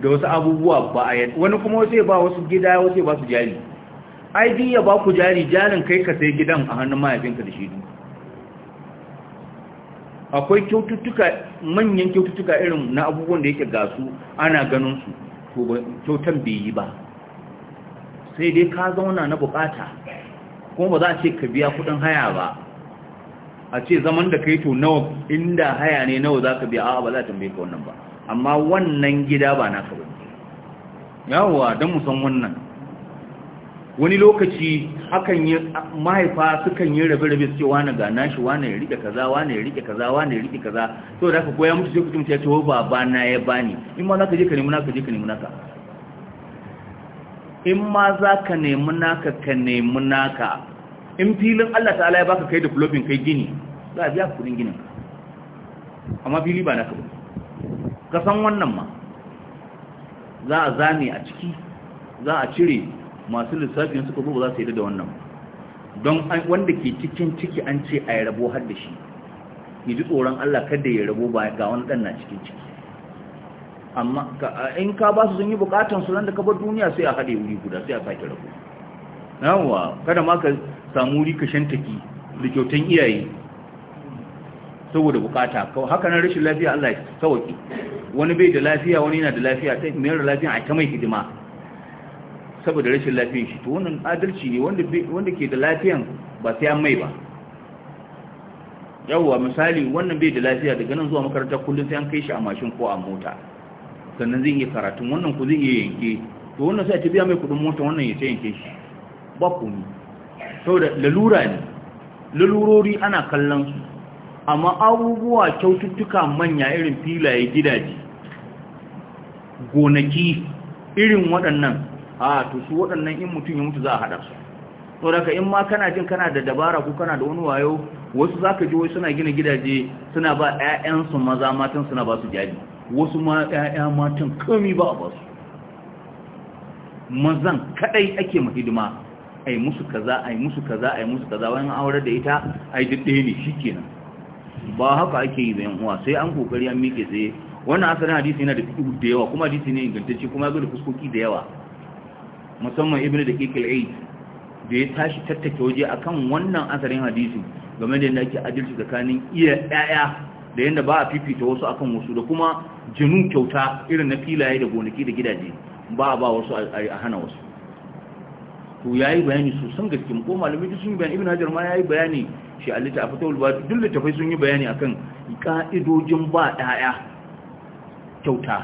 da wasu abubuwa ba a yadda wani kuma wasu ba wasu gida wasu ba su jari ai ya ba ku jari jarin kai ka sai gidan a hannun mahaifinka da shi akwai kyaututtuka manyan kyaututtuka irin na abubuwan da yake gasu ana ganin su kyautan bai ba sai dai ka zauna na bukata kuma ba za a ce ka biya kudin haya ba a ce zaman da kai to nawa inda haya ne nawa za ka biya a ba za ta tambaye ka wannan ba amma wannan gida ba na kawai yawa don musan wannan wani lokaci akan yi mahaifa sukan yi rabe-rabe su ce wane ga nashi wane ya rike kaza wane ya rike kaza wane ya rike kaza to da aka koya mutu sai mutu ya ce ba ba na ya bani in ma za ka je ka nemi naka je ka nemi naka in ma za ka nemi naka ka nemi naka in filin Allah ta'ala ya baka kai da developing kai gini za a biya kudin ginin amma fili ba na ba ka san wannan ma za a zane a ciki za a cire masu lissafin suka zo ba za su yi da wannan don wanda ke cikin ciki an ce a yi rabo har da shi yi ji tsoron Allah kada ya rabo ba ga wani ɗan na cikin ciki amma in ka ba su sun yi bukatan su nan da bar duniya sai a haɗe wuri guda sai a sake rabo yawwa kada ma ka samu wuri ka taki da kyautan iyaye saboda bukata haka nan rashin lafiya Allah ya sauke wani bai da lafiya wani yana da lafiya sai mai da lafiya a ta mai hidima saboda rashin lafiyan shi to wannan adalci ne wanda ke da lafiyan ba sai an mai ba yawwa misali wannan bai da lafiya daga nan zuwa makaranta kullum sai an kai shi a mashin ko a mota sannan zai iya karatun wannan ku zai iya yanke to wannan sai ta biya mai kudin mota wannan ya ta yanke shi ba komi saboda lalura ne lalurori ana kallon su amma abubuwa kyaututtuka manya irin filaye gidaje gonaki irin waɗannan a to su waɗannan in mutum ya mutu za a haɗa su to daga in ma kana jin kana da dabara ko kana da wani wayo wasu za ka ji wai suna gina gidaje suna ba ƴaƴansu maza matan suna ba su jari wasu ma ƴaƴa matan kami ba a ba su mazan kadai ake ma hidima ai musu kaza ai musu kaza ai musu kaza wani aure da ita ai duk ɗaya ne shikenan ba haka ake yi da uwa sai an kokari an miƙe tsaye wannan asalin hadisi yana da tsibir da yawa kuma hadisi ne ingantacce kuma ya da fuskoki da yawa musamman Ibn da kekel aid da ya tashi tattake waje akan wannan asalin hadisi game da yadda ake adalci tsakanin iya ɗaya da yadda ba a fifita wasu akan wasu da kuma jinu kyauta irin na filaye da gonaki da gidaje ba a ba wasu a hana wasu to ya yi bayani sosan gaske ko malamai duk sun yi bayani ibn hajar ma ya yi bayani shi a littafi ta wulba duk littafai sun yi bayani akan ka'idojin ba ɗaya kyauta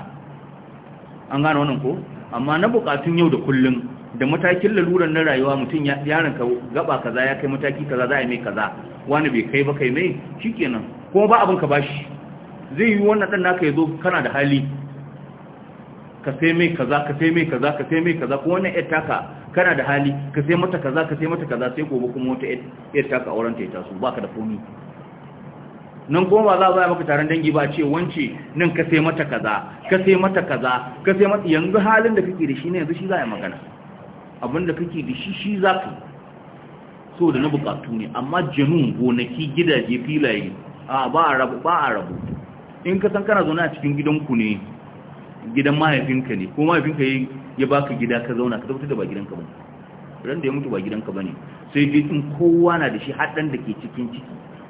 an gane wannan ko amma na bukatun yau da kullum da matakin laluran na rayuwa mutum yaron ka gaba kaza ya kai mataki kaza za a yi mai kaza wani bai kai ba kai mai shikenan kuma ba abin ka bashi zai yi wannan dan naka yazo kana da hali ka sai mai kaza ka sai mai kaza ka sai mai kaza ko wannan yar taka kana da hali ka sai mata kaza ka sai mata kaza sai gobe kuma wata yar taka auren ta ya taso baka da komai nan kuma ba za a zai maka taron dangi ba ce wance nan ka sai mata kaza ka sai mata kaza ka sai mata yanzu halin da kake da shi ne yanzu shi za a yi magana Abin da kake da shi shi za ka so da na bukatu ne amma janun gonaki gidaje filaye a ba a rabu ba a rabu in ka san kana zaune a cikin gidanku ne gidan mahaifinka ne ko mahaifinka ya baka gida ka zauna ka tabbatar da ba gidanka bane ran da ya mutu ba gidanka bane sai dai in kowa na da shi haɗan da ke cikin ciki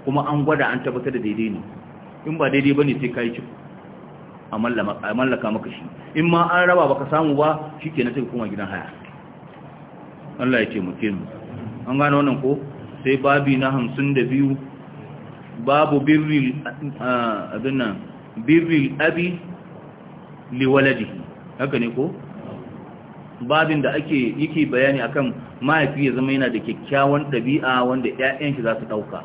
kuma an gwada an tabbatar da daidai ne in ba daidai bane sai kai ciko a mallaka maka shi in ma an raba baka samu ba shikenan sai kuma gidan haya Allah ya ce mu an gane wannan ko sai babi na 52 babu biyu, babu nan birril abi li haka ne ko babin da ake yake bayani akan mahaifi ya zama yana da kyakkyawan ɗabi'a wanda 'ya'yanki za su ɗauka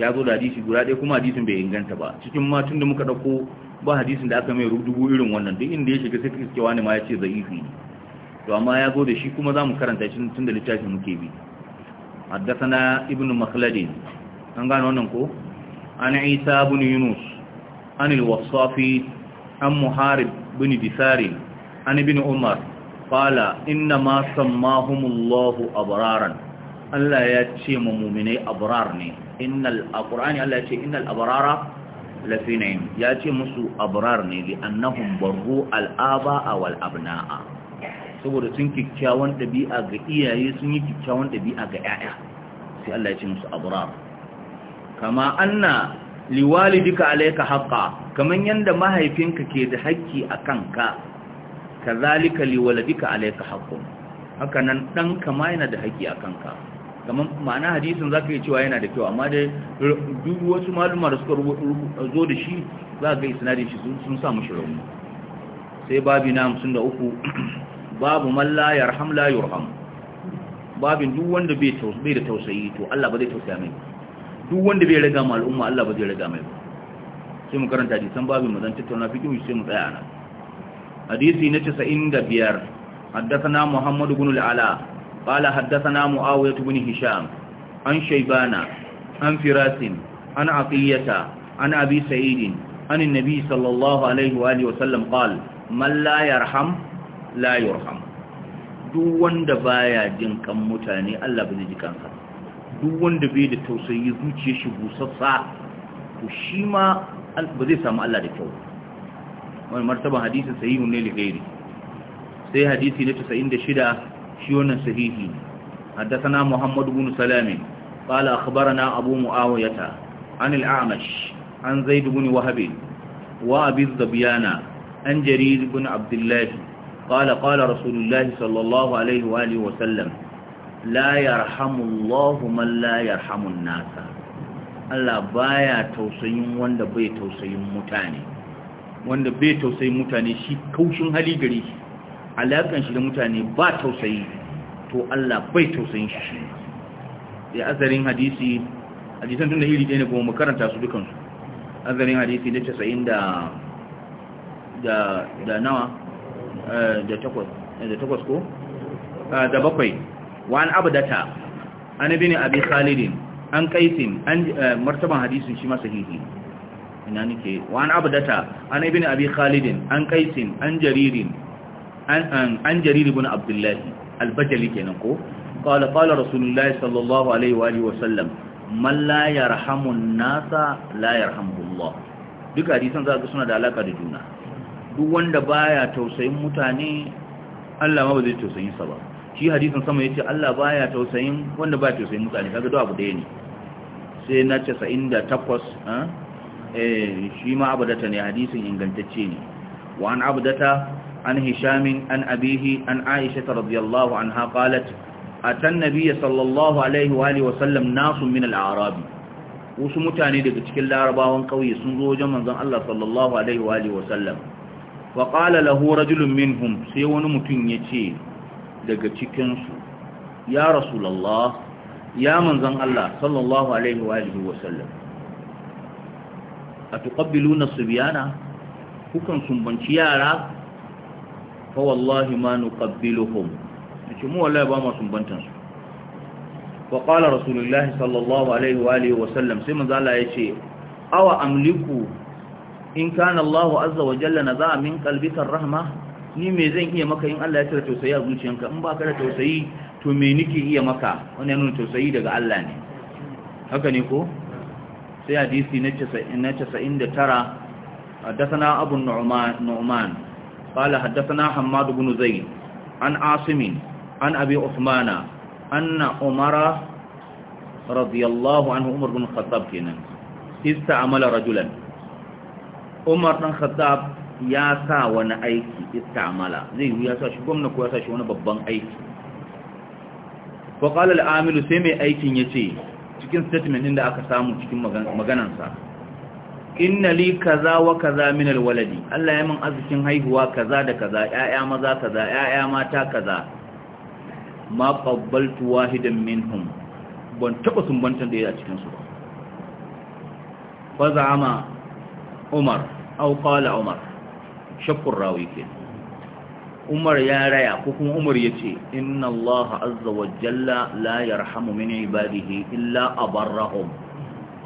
ya zo da hadisi guda ɗaya kuma hadisin bai inganta ba cikin ma tun da muka ɗauko ba hadisin da aka mai rubutu irin wannan duk inda ya shiga sai iske wani ma ya ce za'ifi ne to amma ya zo da shi kuma za mu karanta shi tun da littafin muke bi haddasana ibn makhladin an gano wannan ko an isa bin yunus an al-wasafi an muharib bin disari an ibn umar qala inna ma sammahumullahu abraran Allah ya ce mu mu'minai abrar ne innal alqur'ani Allah ya ce innal abrara lafi na'im ya ce musu abrar ne li annahum barru al'aba'a wal abna'a saboda sun kikkiawan dabi'a ga iyaye sun yi kikkiawan dabi'a ga yaya sai Allah ya ce musu abrar kama anna liwalidika alayka haqqan kaman yanda mahaifinka ke da haƙƙi akan ka kazalika liwaladika alayka haqqan hakanan dan kama yana da haƙƙi akan ka kamar ma'ana hadisin za ka yi cewa yana da kyau amma dai duk wasu maluma da suka zo da shi za ka yi sinadin shi sun samu shi rauni sai babi na hamsin da uku babu malla ya rahamla ya yurham babin duk wanda bai da tausayi to Allah ba zai tausaya mai duk wanda bai raga ma al'umma Allah ba zai raga mai ba sai mu karanta hadisan babin mu zan tattauna fiqh sai mu tsaya nan hadisi na 95 na Muhammadu بن العلاء قال حدثنا معاوية بن هشام عن شيبان عن فراس عن عطية عن أبي سعيد عن النبي صلى الله عليه وآله وسلم قال من لا يرحم لا يرحم duk wanda baya jin kan mutane Allah ba zai ji kansa duk wanda bai da tausayi zuciyar shi busassa to shi ma ba zai samu Allah da kyau wani martaban hadisi sahihu ne li gairi sai hadisi na 96 shi wannan sahihi حدثنا محمد بن سلام قال أخبرنا أبو معاوية عن الأعمش عن زيد بن وهب وأبي الظبيان عن جرير بن عبد الله قال قال رسول الله صلى الله عليه وآله وسلم لا يرحم الله من لا يرحم الناس Allah baya tausayin wanda bai tausayin mutane wanda bai tausayin mutane shi kaushin hali gare shi alaƙan shi da mutane ba tausayi to Allah bai tausayin shi shi da azarin hadisi hadisan tun da hiri ɗaya ne kuma makaranta su dukansu azarin hadisi da casa'in da da nawa eh, da takwas eh, da takwas ko ah, da bakwai wa an abdata an ibn abi khalidin an kaisin an eh, martaban hadisin shi ma sahihi ina nake wa an abdata an ibn abi khalidin an kaisin an jaririn an jarir ibn abdullahi albajali kenan ko qala qala rasulullahi sallallahu alaihi wa alihi wa sallam man la yarhamu an-nasa la yarhamuhullah duk hadisan zaka suna da alaka da juna duk wanda baya tausayin mutane Allah ma ba zai tausayin sa ba shi hadisan sama yace Allah baya tausayin wanda baya tausayin mutane kaga duk abu da ne sai na 98 ah, eh shi ma abadata ne hadisin ingantacce ne wa an abadata عن هشام عن أبيه عن عائشة رضي الله عنها قالت أتى النبي صلى الله عليه وآله وسلم ناس من الأعراب وسمتاني دك تكل العربا وانقوي سنزوجا من ذن الله صلى الله عليه وآله وسلم فقال له رجل منهم سيون متنيتي دك تكنس يا رسول الله يا من ذن الله صلى الله عليه وآله وسلم أتقبلون الصبيانة kukan sumbanci yara fa wallahi ma nuqabbiluhum yace mu wallahi ba mu sumbantan su wa sallallahu alaihi wa alihi wa sallam sai manzo Allah yace awa amliku in kana Allah azza wa jalla naza min qalbika rahma ni me zan iya maka in Allah ya cire tausayi a zuciyanka in ba ka da tausayi to me nake iya maka wannan tausayi daga Allah ne haka ne ko sai hadisi na a حدثنا أبو النعمان قال حدثنا حماد بن زيد عن عاصم عن أبي عثمان أن عمر رضي الله عنه عمر بن الخطاب كنا استعمل رجلا عمر بن الخطاب ya sa wani aiki istamala zai yi ya sa shi gwamna ko ya sa shi wani babban aiki faƙalar amilu sai mai aikin ya ce cikin statement in da aka samu cikin maganansa inna li kaza wa kaza min alwaladi Allah ya min arzikin haihuwa kaza da kaza ƴaƴa maza kaza ƴaƴa mata kaza ma qabbaltu wahidan minhum ban taba sumbantan da yake a cikin su fa za'ama Umar aw qala Umar shakkur rawi ke Umar ya raya ko kuma Umar yace inna Allah azza wa jalla la yarhamu min ibadihi illa abarrahum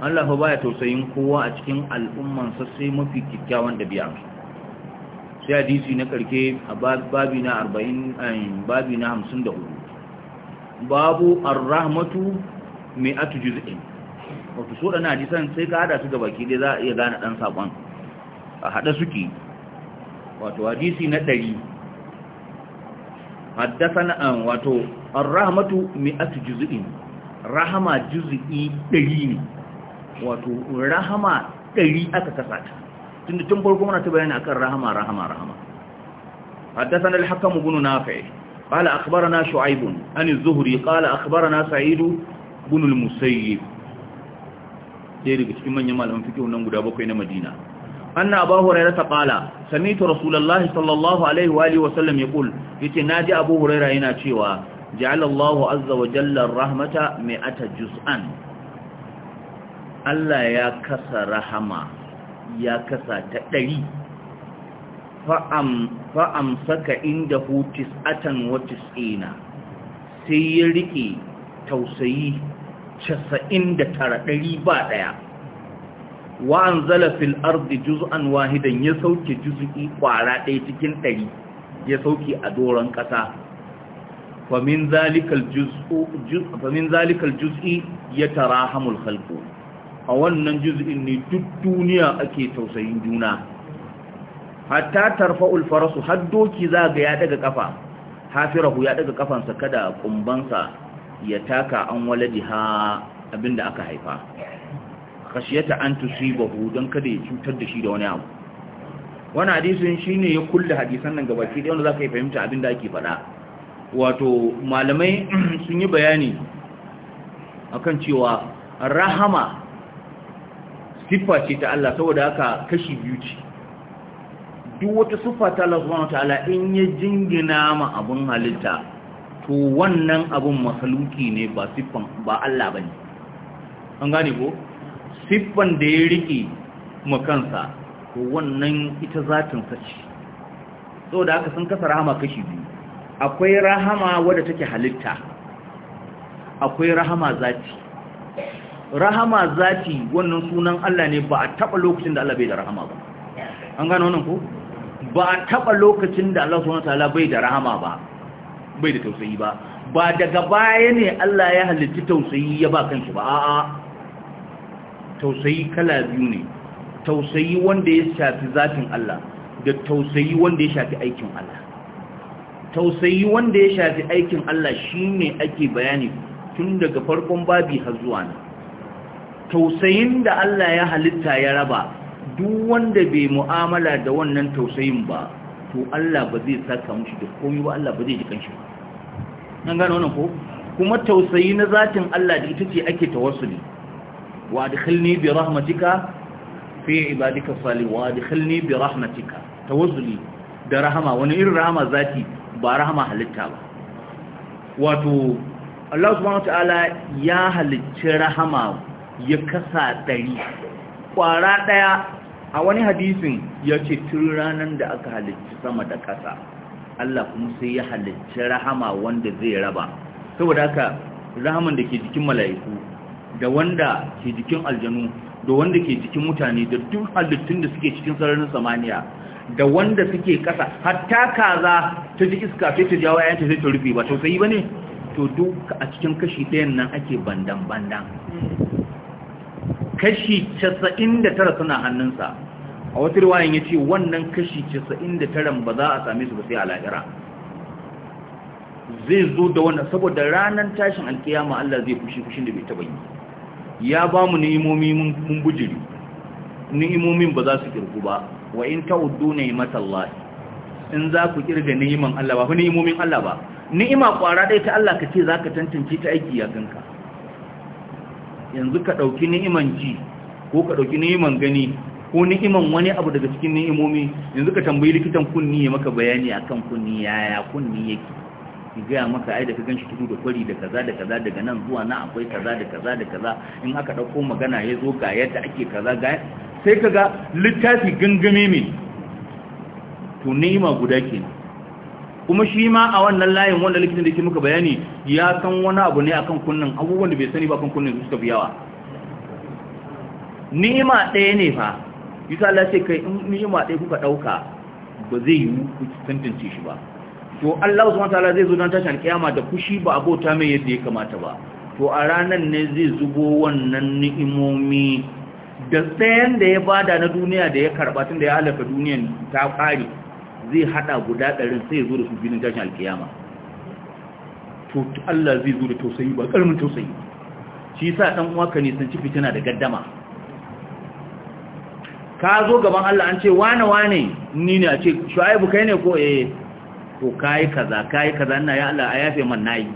Allah ba baya tausayin kowa a cikin al'umman sa sai mafi kikkiawan dabi'a sai hadisi na karke a babi na 40 eh, babi na 54 babu ar-rahmatu mi'atu juz'in wato so dana hadisan sai ka hada su ga baki dai za a iya gane dan sakon a hada suke wato hadisi na 100 Haddasan, an eh, wato ar-rahmatu mi'atu juz'in rahama juz'i 100 ne wato rahama ɗari aka kasa ta tun da tun farko muna ta bayani akan rahama rahama rahama حدثنا الحكم بن نافع قال أخبرنا شعيب عن الزهري قال أخبرنا سعيد بن المسيب ɗaya daga cikin manyan malaman fikihu nan guda bakwai na Madina anna abu huraira ta qala sami'tu rasulullahi sallallahu alaihi wa alihi wa sallam yaqul yace naji abu huraira yana cewa ja'ala Allahu azza wa jalla rahmata mi'ata juz'an Allah ya kasa rahama ya kasa ta ɗari fa'am saka inda hutis atan watis ina sai ya riƙe tausayi casa'in da tara ɗari ba ɗaya wa'an zalafin arzi an wahidan ya sauke juz'i ƙwara ɗaya cikin ɗari ya sauke a doron ƙasa famin zalikal juz'i ya tara hamul halko a wannan juz'in ne duk duniya ake tausayin juna hatta tarfa farasu har doki za ga ya daga kafa hafirahu ya daga kafansa kada kumbansa ya taka an ha abinda aka haifa kashiyata an tusibahu don kada ya cutar da shi da wani abu wani shi ne ya kulle hadisan nan gaba ke da wanda zaka yi fahimta abinda ake faɗa wato malamai sun yi bayani akan cewa rahama siffa ce ta Allah saboda haka kashi biyu ce duk wata siffa ta Allah subhanahu wataala in ya jingina ma abun halitta to wannan abun masaluki ne ba siffan ba Allah bane an gane ko siffan da ya rike ma kansa to wannan ita zatin sa ce saboda haka sun kasa rahama kashi biyu akwai rahama wadda take halitta akwai rahama zati rahama zati wannan sunan Allah ne ba a taba lokacin da Allah bai da rahama ba an gano wannan ko ba a taba lokacin da Allah subhanahu wataala bai da rahama ba bai da tausayi ba ba daga baya ne Allah ya halitta tausayi ya ba kanshi ba a'a tausayi kala biyu ne tausayi wanda ya shafi zatin Allah da tausayi wanda ya shafi aikin Allah tausayi wanda ya shafi aikin Allah shine ake bayani tun daga farkon babi har zuwa nan tausayin da Allah ya halitta ya raba duk wanda bai mu'amala da wannan tausayin ba to Allah ba zai saka mushi da komai ba Allah ba zai ji kanshi nan gane wannan ko kuma tausayi na zatin Allah da ita ce ake tawassuli wa adkhilni bi rahmatika fi ibadika salih wa adkhilni bi rahmatika tawassuli da rahama wani irin rahama zati ba rahama halitta ba wato Allah subhanahu wa ta'ala ya halicci rahama ya kasa ɗari ƙwara ɗaya a wani hadisin ya ce tun ranar da aka halicci sama da kasa Allah kuma sai ya halicci rahama wanda zai raba saboda haka rahaman da ke jikin mala'iku da wanda ke jikin aljanu da wanda ke jikin mutane da duk halittun da suke cikin sararin samaniya da wanda suke kasa hatta kaza ta ji iska sai ta jawo yayanta sai ta rufe ba tausayi ba ne to duk a cikin kashi ɗayan nan ake bandan-bandan kashi 99 suna hannunsa a wata riwayan ya ce wannan kashi 99 ba za a same su ba sai a lahira zai zo da wannan saboda ranar tashin alkiyama Allah zai fushi fushin da bai taba yi ya ba mu ni'imomi mun bujiri ni'imomin ba za su kirku ba wa in ta'uddu ni'matallahi in za ku kirga ni'iman Allah ba ni'imomin Allah ba ni'ima kwara dai ta Allah ka ce zaka tantance ta aiki ya ganka yanzu ka ɗauki ni'iman ji ko ka ɗauki ni'iman gani ko ni'iman wani abu daga cikin ni'imomi yanzu ka tambayi likitan kunni ya maka bayani akan kunni yaya kunni yake ki gaya maka ai da ka ganshi tudu da kwari da kaza da kaza daga nan zuwa na akwai kaza da kaza da kaza in aka ɗauko magana ya zo ga yadda ake kaza ga sai kaga littafi gangame mai to ni'ima guda kenan kuma shi ma a wannan layin wanda likitan da ke muka bayani ya san wani abu ne akan kunnan abubuwan da bai sani ba akan kunnan suka fi yawa ni'ima ɗaya ne fa yusa Allah sai kai in ni'ima ɗaya kuka ɗauka ba zai yi ku tantance shi ba to Allah subhanahu wataala zai zo don tashin kiyama da fushi ba abota mai yadda ya kamata ba to a ranar ne zai zubo wannan ni'imomi da tsayen da ya bada na duniya da ya karɓa tun da ya halaka duniyan ta ƙare zai hada guda ɗarin sai ya zo da su filin tashin alkiyama to Allah zai zo da tausayi ba ƙarmin tausayi shi sa ɗan ne sun nisanci fitina da gaddama ka zo gaban Allah an ce wane wane ni ne a ce shu'aibu kai ne ko eh ko kai kaza kai kaza ina ya Allah a yafe man nayi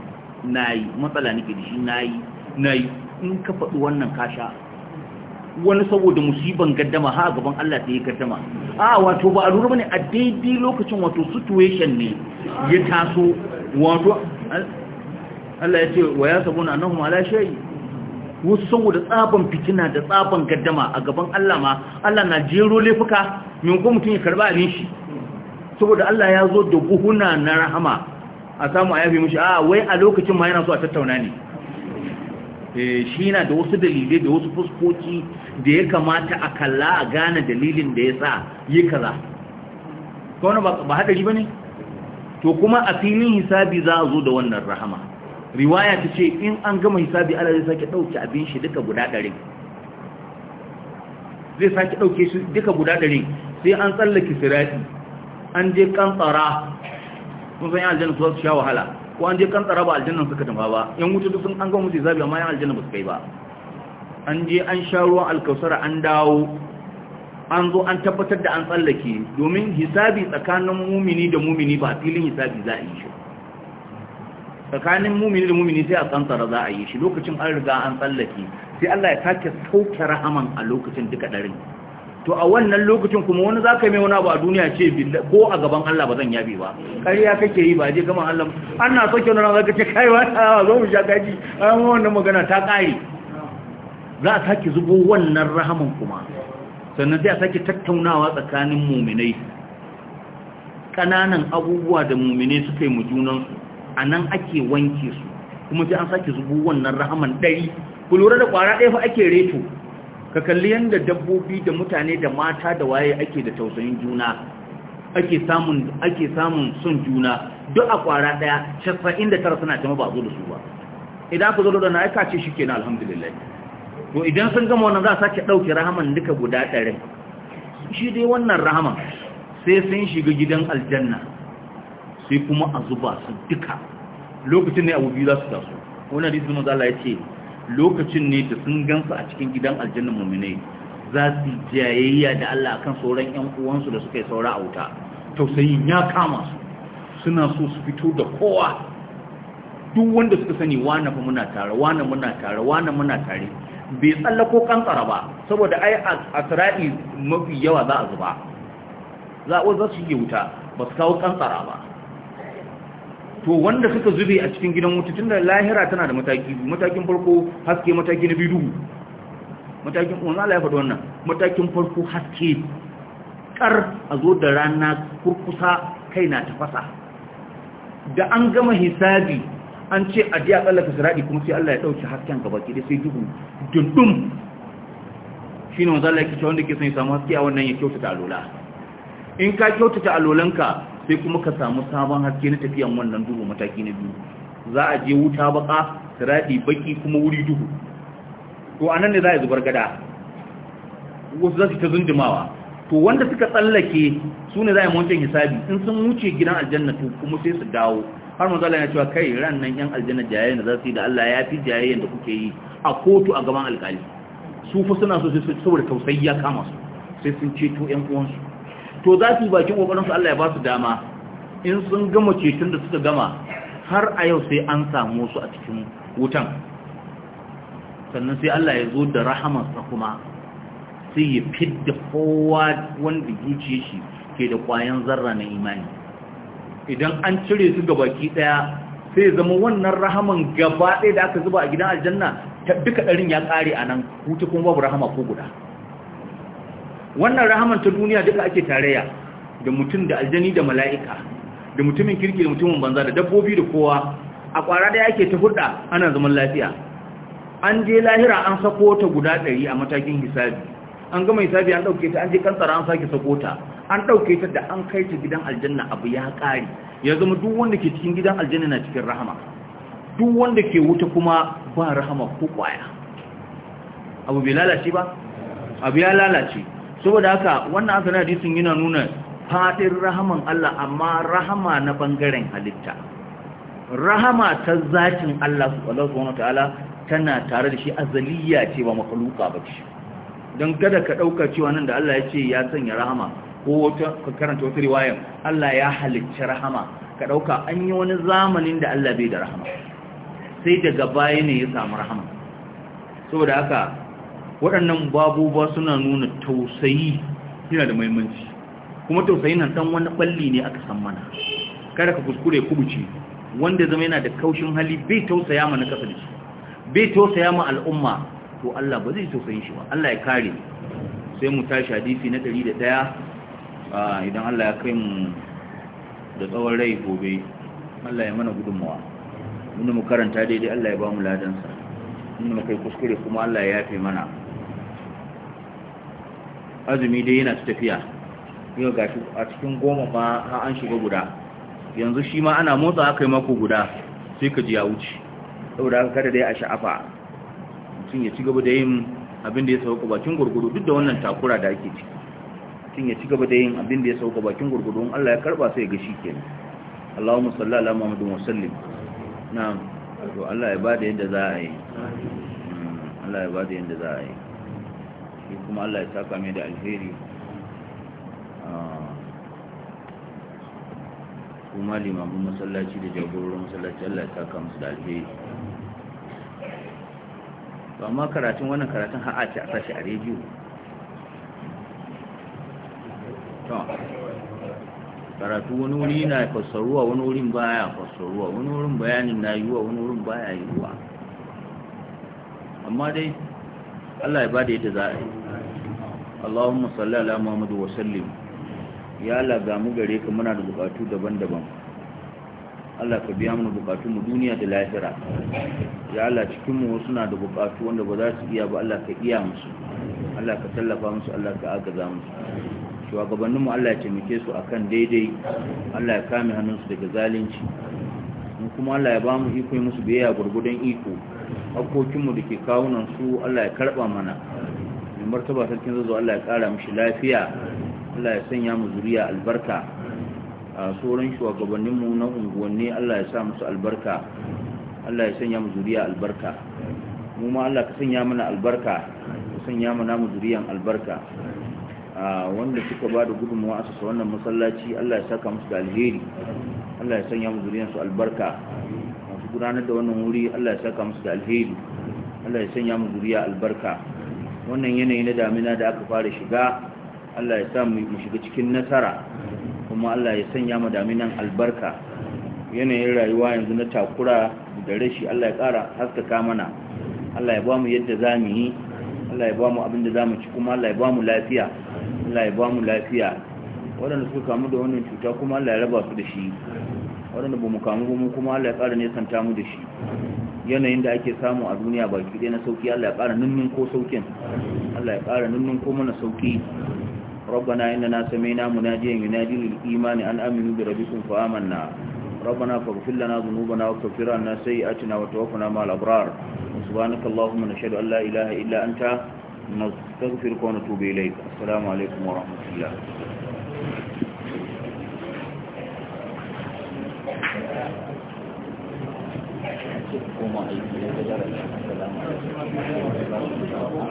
nayi matsala nake da shi nayi nayi in ka faɗi wannan kasha wani saboda musiban gaddama ha gaban Allah sai ya gaddama a wato ba a lura bane a daidai lokacin wato situation ne ya taso wato Allah ya ce wa ya sabuna annahum ala shay wasu saboda tsaban fitina da tsaban gaddama a gaban Allah ma Allah na jero laifuka min ko mutun ya karba abin shi saboda Allah ya zo da guhuna na rahama a samu ayafi yafe mishi a wai a lokacin ma yana so a tattauna ne Eh, shi na da wasu dalilai da wasu fuskoki da ya kamata a kalla a gane dalilin da ya sa yi kaza kawai ba haɗari ba ne to kuma a filin hisabi za a zo da wannan rahama riwaya ta ce in an gama hisabi ala zai sake ɗauke abin shi duka guda ɗari zai sake ɗauke shi duka guda ɗari sai an tsallake sirati an je kan tsara san yi aljanna su sha wahala ko an je kan tsara ba aljannan suka tama ba yan wuta duk sun an ga musu zabi amma yan aljanna ba su kai ba an je an sha ruwan alkausara an dawo an zo an tabbatar da an tsallake domin hisabi tsakanin mumini da mumini ba filin hisabi za a yi shi tsakanin mumini da mumini sai a tsantsara za a yi shi lokacin an riga an tsallake sai Allah ya take sauke rahaman a lokacin duka darin to a wannan lokacin kuma wani za ka yi wani abu a duniya ce ko a gaban Allah ba zan yabi ba ƙarya kake yi ba je gama Allah An na soke wani ranar kace kai ba ta zo mu sha gaji an wannan magana ta ƙare za a sake zubo wannan rahaman kuma sannan zai a sake tattaunawa tsakanin muminai ƙananan abubuwa da muminai suka yi mu junansu a nan ake wanke su kuma sai an sake zubo wannan rahaman ɗari ku lura da ƙwara ɗaya fa ake reto ka kalli yadda dabbobi da mutane da mata da waye ake da tausayin juna ake samun ake samun son juna duk a kwara daya tara suna jama ba zo da su ba idan ku zo da na aika ce shikenan alhamdulillah to idan sun gama wannan za su sake dauke rahaman duka guda 100 shi dai wannan rahaman sai sun shiga gidan aljanna sai kuma a zuba su duka lokacin ne abu biyu za su taso wannan hadisin manzo Allah ya ce lokacin ne da sun gansu a cikin gidan aljanna muminai za su jayayya da Allah kan sauran 'yan uwansu da suka yi saura a wuta tausayin ya kama su suna so su fito da kowa duk wanda suka sani wane fa muna tare wane muna tare wane muna tare bai tsallako kankara ba saboda ai a tsira'i mafi yawa za a zuba za a wuta ba su kawo kankara ba to wanda suka zube a cikin gidan wuta tunda lahira tana da mataki matakin farko haske mataki na biyu duhu matakin wannan Allah ya faɗa wannan matakin farko haske kar a zo da rana kurkusa kai na tafasa da an gama hisabi an ce a diya tsallaka siradi kuma sai Allah ya dauki hasken gaba ke da sai duhu dundum shine wannan Allah ya kice wanda ke son ya samu haske a wannan ya kyautata alola in ka kyautata alolanka sai kuma ka samu sabon haske na tafiyan wannan duhu mataki na biyu za a je wuta baka sirati baki kuma wuri duhu to anan ne za a zubar gada wasu za su ta zundumawa to wanda suka tsallake su ne za a yi mawancin hisabi in sun wuce gidan aljanna to kuma sai su dawo har maza yana cewa kai ran nan yan aljanna jayayya za su yi da Allah ya fi jayayyan da kuke yi a kotu a gaban alkali su fa suna so sai saboda tausayi ya kama su sai sun ceto yan uwansu to za su yi bakin kokarin su Allah ya ba su dama in sun gama ceton da suka gama har a yau sai an samu su a cikin wutan sannan sai Allah ya zo da rahamarsa kuma sai ya fidda kowa wanda zuciya shi ke da kwayan zarra na imani idan an cire su ga baki ɗaya sai zama wannan rahaman gaba ɗaya da aka zuba a gidan aljanna duka ɗarin ya ƙare a nan hutu kuma babu rahama ko guda wannan rahaman ta duniya duka ake tarayya da mutum da aljani da mala'ika da mutumin kirki da mutumin banza da dabbobi da kowa a kwara da ake ta hurɗa ana zaman lafiya an je lahira an sako ta guda ɗari a matakin hisabi an gama hisabi an ɗauke ta an je kantsara an sake sako ta an ɗauke ta da an kai ta gidan aljanna abu ya ƙari ya zama duk wanda ke cikin gidan aljanna na cikin rahama duk wanda ke wuta kuma ba rahama ko kwaya abu bai lalace ba abu ya lalace saboda haka wannan asalin hadisin yana nuna fadin rahaman Allah amma rahama na bangaren halitta rahama ta zatin Allah subhanahu wataala tana tare da shi azaliya ce ba makhluqa ba ce don kada ka dauka cewa nan da Allah ya ce ya sanya rahama ko wata ka karanta wata riwaya Allah ya halicci rahama ka dauka an yi wani zamanin da Allah bai da rahama sai daga baya ne ya samu rahama saboda haka waɗannan babu ba suna nuna tausayi yana da maimanci kuma tausayi na dan wani balli ne aka san mana kada ka kuskure kubuce wanda zama yana da kaushin hali bai tausaya ma na kasa da shi bai tausaya ma al'umma to Allah ba zai tausayi shi ba Allah ya kare sai mu tashi hadisi na 101 idan Allah ya kai mu da tsawon rai gobe Allah ya mana gudunmawa inda mu karanta daidai Allah ya ba mu ladansa inda mu kai kuskure kuma Allah ya yafe mana azumi dai yana tafiya yau ga shi a cikin goma ba ha an shiga guda yanzu shi ma ana motsa aka yi mako guda sai ka ji ya wuce saboda haka kada dai a sha'afa mutum ya ci gaba da yin abin da ya sauka bakin gurgudu duk da wannan takura da ake ciki mutum ya ci gaba da yin abin da ya sauka bakin gurgudu in Allah ya karba sai ya ga shi kenan Allahumma salli ala Muhammadin wa sallim na'am to Allah ya bada yadda za a yi hmm. Allah ya bada yadda za a yi shi kuma Allah ya saka mai da alheri ah, kuma limamin masallaci da jagororin masallaci Allah ya saka musu da alheri to amma karatun wannan karatun har a ce a sashi a rediyo karatu wani wuri na fassaruwa wani wurin baya fassaruwa wani wurin bayanin na yiwuwa wani wurin baya yiwuwa amma dai Allah ya bada yadda za a yi Allahumma salli ala Muhammad wa sallim ya Allah ga mu gare ka muna da bukatu daban-daban Allah ka biya mana bukatun mu duniya da lahira ya Allah cikin mu wasu na da bukatu wanda ba za su iya ba Allah ka iya musu Allah ka tallafa musu Allah ka agaza musu shugabannin mu Allah ya taimake su akan daidai Allah ya kame hannunsu daga zalunci kuma Allah ya ba mu iko musu biyayya gurgudan iko hakokinmu da ke kawunan su Allah ya karɓa mana mai martaba sarkin zazo Allah ya ƙara mishi lafiya Allah ya sanya mu zuriya albarka a sauran shugabanninmu na unguwanni Allah ya sa musu albarka Allah ya sanya mu zuriya albarka mu ma Allah ka sanya mana albarka ka sanya mana mu zuriyan albarka wanda suka ba da gudunmawa a sassa wannan masallaci Allah ya saka musu da alheri Allah ya sanya mu zuriyan su albarka gudanar da wannan wuri Allah ya saka musu da alheri Allah ya sanya mu zuriya albarka wannan yanayi na damina da aka fara shiga Allah ya sa mu shiga cikin nasara kuma Allah ya sanya mu daminan albarka yanayin rayuwa yanzu na takura da rashi Allah ya ƙara haskaka mana Allah ya ba mu yadda za mu yi Allah ya ba mu abin da za mu ci kuma Allah ya ba mu lafiya Allah ya ba mu lafiya waɗanda suka kamu da wannan cuta kuma Allah ya raba su da shi waɗanda ba mu kamu ba mu kuma Allah ya ƙara nesanta mu da shi yanayin da ake samu a duniya baki ɗaya na sauki Allah ya ƙara nunnun ko saukin Allah ya ƙara nunnun ko mana sauki ربنا إننا سمينا مناديا ينادي للإيمان أن آمنوا بربكم فآمنا ربنا فاغفر لنا ذنوبنا واغفر عنا سيئاتنا وتوفنا مع الأبرار سبحانك اللهم نشهد أن لا إله إلا أنت نستغفرك ونتوب إليك السلام عليكم ورحمة الله koma aiki da